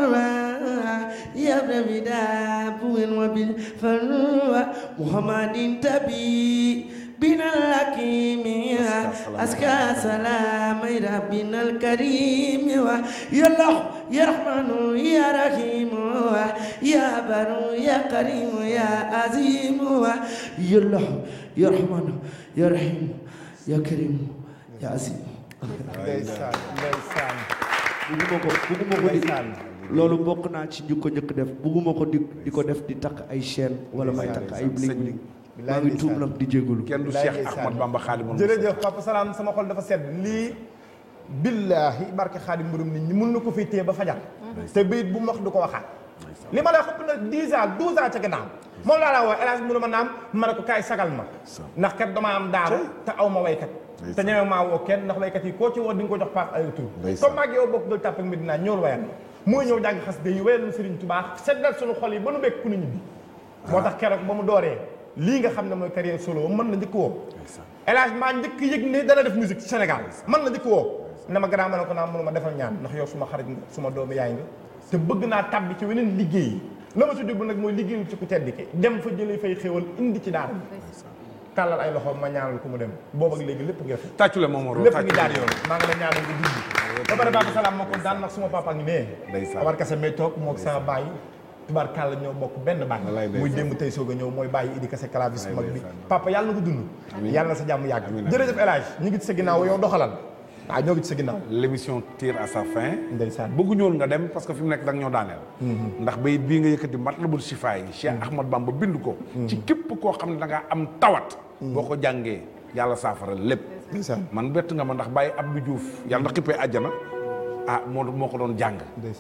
يبدا بدابو وبالفن محمد تبي بنا الحكيم أزكى سلام ربنا الكريم يا الله يا رحمن يا رحيم يا بر يا كريم يا عظيم يا الله يا رحمن يا رحيم يا كريم يا عظيم ndeysaan ndeysaan bugguma ko bugguma ko di loolu bokk naa ci ñu ko def bugguma ko di ko def di takk ay chaîne wala may takk ay bling maa ngi tuub nag di jégalu. kenn du Cheikh Ahmad Bamba Xaadimu jërëjëf Papa Salam sama xol dafa na ko fi téye ba fajar. te bayit bu mu wax du ko waxaat. li ma la xëpp na 10 ans laa la woo El Hadj mënuma ma kaay sagal ma. ndax kat damaa am daara te aw ma waykat. te ñeme maa kenn ndax waykat yi koo ci woo di ko jox paas ay tur. comme maag yow bokk dul tàpp ak mooy ñëw jàng xas de yi wayal nu Serigne Touba seddal suñu xol yi ba nu bekk ku ñu ñibbi. moo ah. tax keroog ba mu dooree lii nga xam ne mooy carrière solo man na njëkk woo El maa njëkk yëg ne dana def musique ci Sénégal man la njëkk woo na ma grand ko naa mënu ma defal ñaan ndax yow suma xarit nga suma doom yaay nga te bëgg naa tàbbi ci weneen liggéey la ma ci jublu nag mooy liggéeyul ci ku tedd ki dem fa jëlee fay xéwal indi ci daara tàllal ay loxoom ma ñaanal ku mu dem boobu ak léegi lépp ngi rafet tàccu la moom lépp ngi daal yoon maa ngi la ñaanal nga dund ba pare ma ko daan nag suma papa ngi nee awarkase may toog moog sama tubaarkàlla ñoo a ñëw mooy bàyyi idi kase clavis mag bi papa yàlla na ko dund yàlla na sa jàmm yàgg jërëjëf El Hadj ñu ngi nga dem parce que fi mu nekk da nga ñoo daaneel mm-hmm. ndax bayit bii nga yëkkati matlabul sifa yi Cheikh mm-hmm. Ahmad Bamba bind ko mm-hmm. ci képp koo xam ne da ngaa am tawat boo ko jàngee yàlla saafara lépp man bett nga ma ndax bàyyi Abdou Diouf yàlla na xippee àjjana ah moo moo ko doon jàng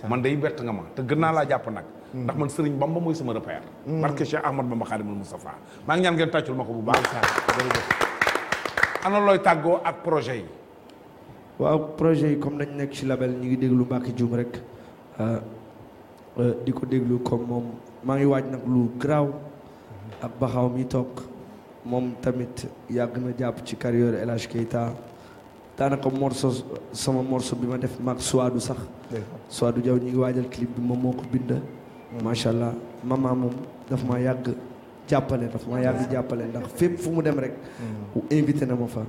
man day bett nga ma te gën naa laa jàpp nag mm. ndax man Serigne Bamba mooy sama repère mm. barke Cheikh Ahmad Bamba Khadimul Moustapha maa ngi ñaan ngeen tàccul ma ko bu baax ana looy tàggoo ak projet yi waaw projet yi comme dañ nekk ci label ñu ngi déglu Mbacke Dioum rek ah, ah, di ko déglu comme moom maa ngi waaj nag lu garaaw mm-hmm. ak baxaw mi toog moom tamit yàgg na jàpp ci carrière El Hadj daanaka morso sama morso bi ma def maag suwaadu sax suwaadu jaw ñi ngi waajal clip bi moom moo ko bind mm. macha allah mama moom daf ma yàgg jàppale daf ma yàgg jàppale ndax fépp fu mu dem rek mm. invité na ma fa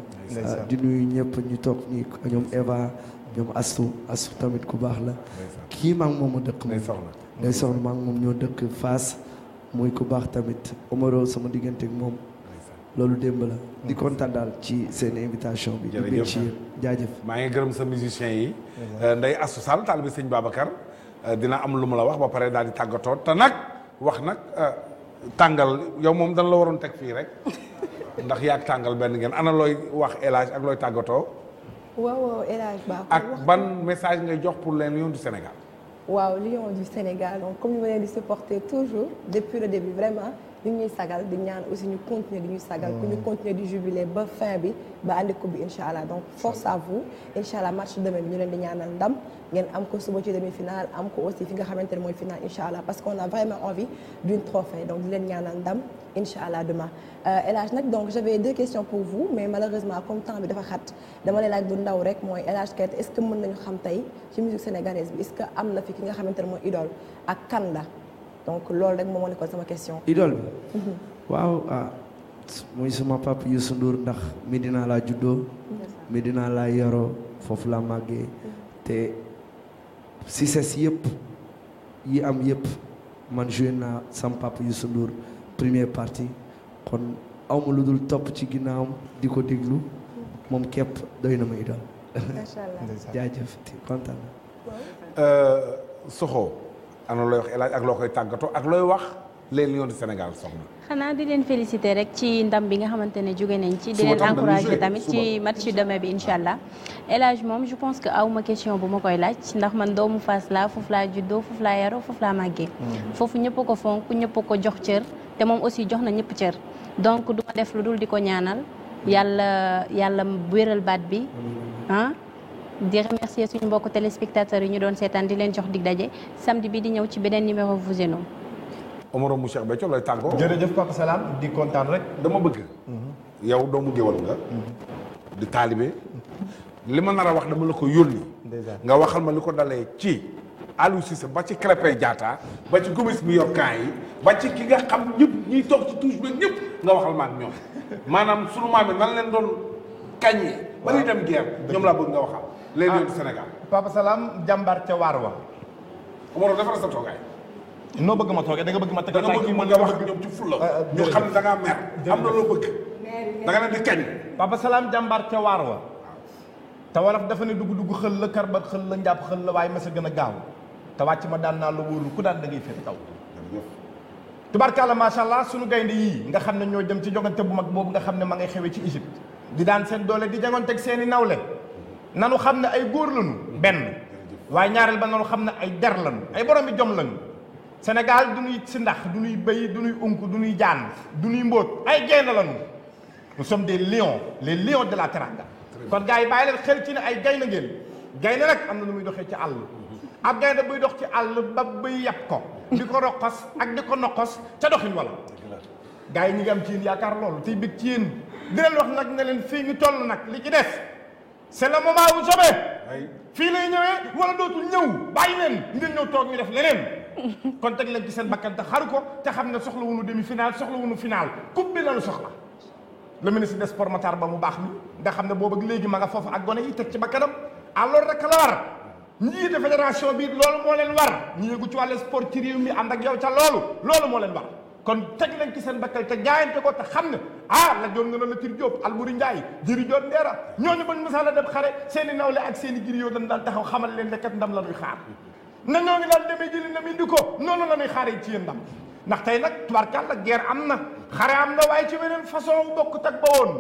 ah, di nuyu ñëpp ñu toog ñi ñoom Eva ñoom Astu Astu tamit ku baax la kii maa ngi moom a dëkk moom day soxna maa moom ñoo dëkk Fass muy ku baax tamit Omaro sama diggante moom loolu démb la di kontaan daal ci seen invitation bi di bég ci yéen maa ngi gërëm sa musiciens yi euh, nday asu sall taalibe sëñ Babacar euh, dina am lu mu la wax ba pare daal di tàggatoo te nag wax nag euh, tàngal yow moom dana la waroon teg fii rek ndax yaag tàngal benn ngeen ana looy wax El ak looy tàggatoo waaw El Hadj ban message ngay jox pour leen Lions du Sénégal waaw Lions du Sénégal donc comme ni ma di supporter toujours depuis le début vraiment di ñuy sagal di ñaan aussi ñu continuer di ñuy sagal. ku mm. ñu continuer di jubiler ba fin bi ba andi ko bi incha allah donc force à vous incha allah match demain bi ñu leen di ñaanal ndam ngeen am ko suba ci demi-finale am ko aussi fi nga xamante ne mooy finale incha allah parce qu'on a vraiment ndam incha allah demain. Euh, El Hadj nag donc j'avais deux questions pour vous mais malheureusement comme temps bi dafa xat dama lay laaj bu ndaw rek mooy El Hadj Keita est-ce que mën nañu xam tey ci musique sénégalaise bi est-ce na xamante ne mooy idole ak kan la. donc loolu rek moom moo nekkoon sama question. idole bi. Mhm. waaw ah muy sama papa Youssou Ndour ndax Medina laa juddoo. Medina laa yoro foofu laa màggee. Mhm. te si ses yëpp yi am yëpp man joué naa sama papa Youssou Ndour première partie kon awma lu dul topp ci ginnaawam di ko déglu moom képp doy na ma idole. macha allah jaajëf ana looy wax El Hadj ak loo koy tàggatoo ak looy wax les Lions du Sénégal soxna. xanaa di leen félicité rek ci ndam bi nga xamante ne jóge nañ ci di leen encourager tamit ci match demain bi incha allah. El moom je pense que awma question bu ma koy laaj ndax man doomu Fass laa foofu laa juddoo foofu laa yaroo foofu laa mhm. foofu ñëpp a ko fonk ñëpp a ko jox cër te moom aussi jox na ñëpp cër donc du def lu dul di ko ñaanal yàlla yàlla wéral baat bi di remercier suñu mbokku téléspectateurs yi ñu doon seetaan di leen jox dig daje samedi bi di ñëw ci beneen numéro vous et nous. Omaro mu Cheikh Béthio lay tàggoo. jërëjëf Papa Salam di kontaan rek. dama bëgg. Mhm. yow doomu géwal nga. di taalibe. li ma nar a wax dama la ko yónni. nga waxal ma li ko dalee ci. Aliou sa ba ci Krépin Diatta ba ci Gomis bu yor kaa yi ba ci ki nga xam ñëpp ñiy toog ci touche ba ñëpp nga waxal ma ñoom maanaam sunu maam yi nan doon kañee. ba ñuy dem nga waxal. les ah, lions Papa Salam jàmbaar ca waar wa. Omaro defaral sa toogaay. noo bëgg ma toogee da bëgg ma. da nga bëgg mën nga wax ak ñoom ci fulla. ma ah, ah, xam ne da ngaa mer. am na loo bëgg. da di kañ. Papa Salam jàmbaar ca waar wa. te wolof dafa ne dugg dugg xël la karbat xël la njàpp la waaye mës a gën a gaaw te wàcc ma daan naa la wóorul ku daan da ngay féete kaw. tubarkalla macha allah sunu gaynde yii nga xam ne ñoo dem ci jogante bu mag boobu nga xam ne ma ngay xewee ci Égypte di daan seen doole di jangonteeg seeni nawle nanu xam ne ay góor lañu benn waaye ñaareel ba nanu xam ne ay der lañu ay borom bi jom lañu Sénégal du ñuy si ndax du ñuy bëy du ñuy unk du ñuy jaan du ñuy mbóot ay gaynde lañu nous sommes des lion les lions de la Teranga kon gars yi bàyyi leen xel ci ne ay gaynde ngeen gaynde nag am na lu muy doxee ci àll ab gaynde buy dox ci àll ba bay yàpp ko di ko roqos ak di ko noqos ca doxin wala gars yi ñu ngi ci yéen yaakaar loolu tey bég ci yéen di leen wax nag ne leen fii ñu nag li ci des c'est le moment bu sobee fii lay ñëwee wala dootul ñëw bàyyi leen ngeen ñëw toog ñu def leneen kon teg leen ci seen bakkan te xaru ko te xam ne soxla wunu demi final soxla wunu final coupe bi lañu soxla le ministre des sports Matar Ba mu baax mi nga xam ne boobu léegi ma nga foofu ak gone yi teg ci bakkanam alors rek la war njiite fédération bi loolu moo leen war ñu yëgu ci wàllu sport ci réew mi ànd ak yow ca loolu loolu moo leen war kon teg nañ ci seen ba bakkal te jaayante ko te xam ne ah la joon nga noon la tir Diop Alburi Njaay jëri joon ndeera ñooñu bañ mosaa la dem xare seen i nawle ak seen i jiri yoo dañ daan taxaw xamal leen nekkat ndam la ñuy xaar na ñoo ngi daan demee jëli ndam indi ko noonu la ñuy xaaree ci yéen ndam ndax tey nag tubaarkal la guerre am na xare am na waaye ci weneen façon bokkut ak ba woon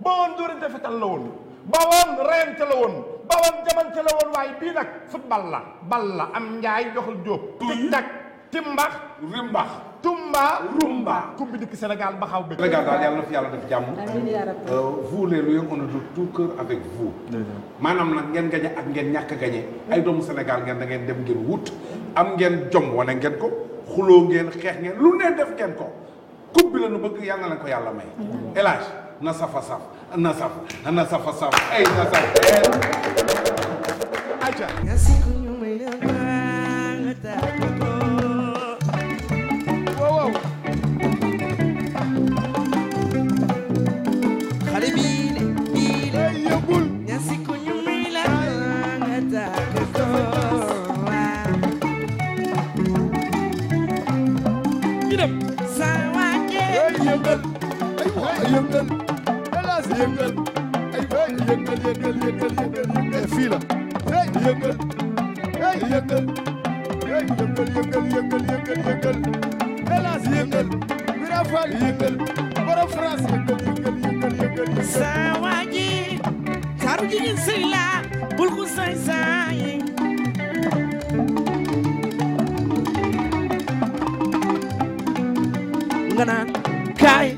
ba woon dóorante fetal la woon ba woon reyante la woon ba woon jamante la woon waaye bii nag football la bal la am njaay joxal Diop tic tac timbax rimbax Tumba Rumba. kumbi dikk Sénégal ba xaw bëgg. Sénégal daal yàlla na fi yàlla def jàmm. Euh, vous les lions on est de tout avec vous. maanaam nag ngeen gañe ak ngeen ñàkk a gañe ay doomu Sénégal ngeen da ngeen dem ngeen wut. am ngeen jom wane ngeen ko xuloo ngeen xeex ngeen lu ne def ken ko coupe bi la nu bëgg yàlla na ko yàlla may. élage na safa saf na saf na safa saf ay na saf. yëngal hélas yëngal ay way yëngal yëngal yëngal yëngal eh, fii la hey yëngal hey yëngal hey yëngal yëngal yëngal yëngal yëngal hélas yëngal Bira Fall yëngal borom France yëngal yëngal yëngal yëngal sa waa ji xaru jigéen sëy la bul ko saay saay nga naan kaay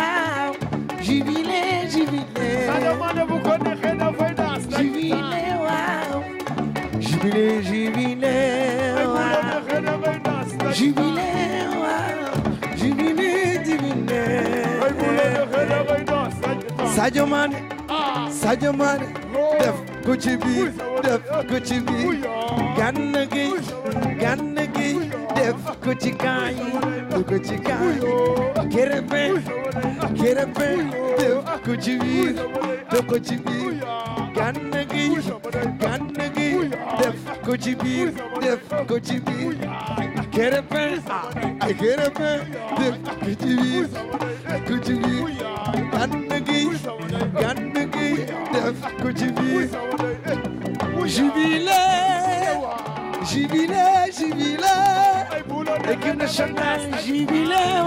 Sadio Mané bu ko neexee dafay ah. daas jibile waaw jibile jibile waaw jibile waaw jibile jibile Sadio Mané Sadio Mané def ku ci biir def ku ci biir gànn gi gànn gi def ku ci kaay ku ci kaay kerepe kerepe def ku ci biir def ku ci biir gànn gi gànn gi def ku ci biir def ku ci biir kerepe kerepe def ku ci biir ku ci biir Kujibi Jubile Jubile Jubile Équipe nationale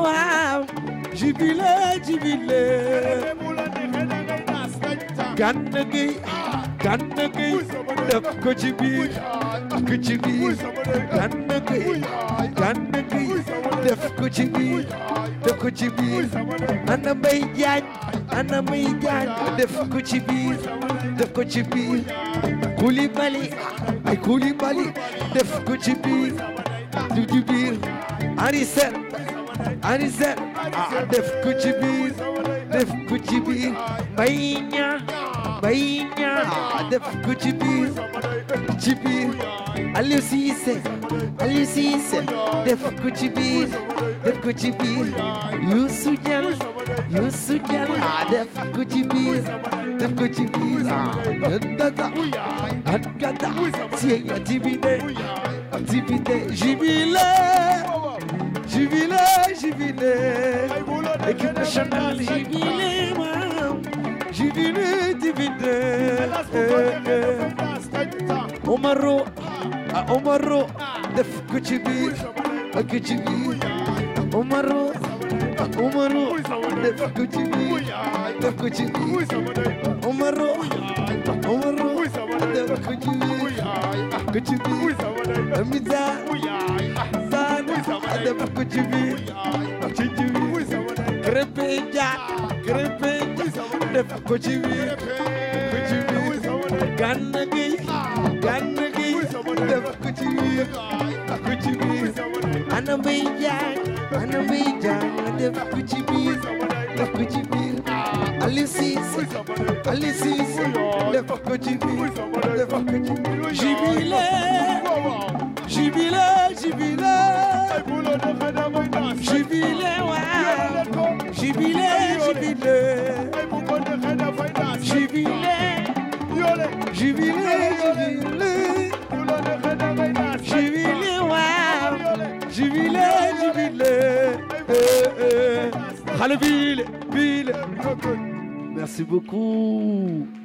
waaw Jubile Jubile Gana Gueye Gana Gueye def ko ci biir ko ci def ko ci biir ana Mbaye Diagne ana Mbaye Diagne def ko def ko ci biir Koulibaly ay Koulibaly def ko ci biir du ci biir Henri Sène Henri Sène ah, def ko ci biir def ko ci biir Mbaye Niang bay ñaa def ko ci biir ci biir Aliou Cissé Aliou Cissé def ko ci biir def ko ci biir Youssou Dieng Youssou Dieng def ko ci biir def ko ci biir dada ah, at gada ci activité activité jubilé jubilé jubilé équipe nationale jubilé Jibini dibinde. Eh, eh. Omaro, ah. Ah, Omaro, def ko ci biir ak ci biir. Omaro, ah, Omaro, def ko ci biir def ko ci biir. Omaro, Omaro, def ko ci biir ko ci biir. Amida, Zana, def ko ci biir kërëpee jaat kërëpee jaat def ko ci biir ko ci biir gànn gi gànn gi def ko ci biir ko ci biir ana mbay jaay ana mbay jaay def ko ci biir def ko ci biir Ali Cissé Ali Cissé def ko ci biir def ko ci biir jibile jibile jibile jibile waaw jibile jibile jibile jibile jibile jibile waaw jibile jibile eh, eh. xale biile biile merci beaucoup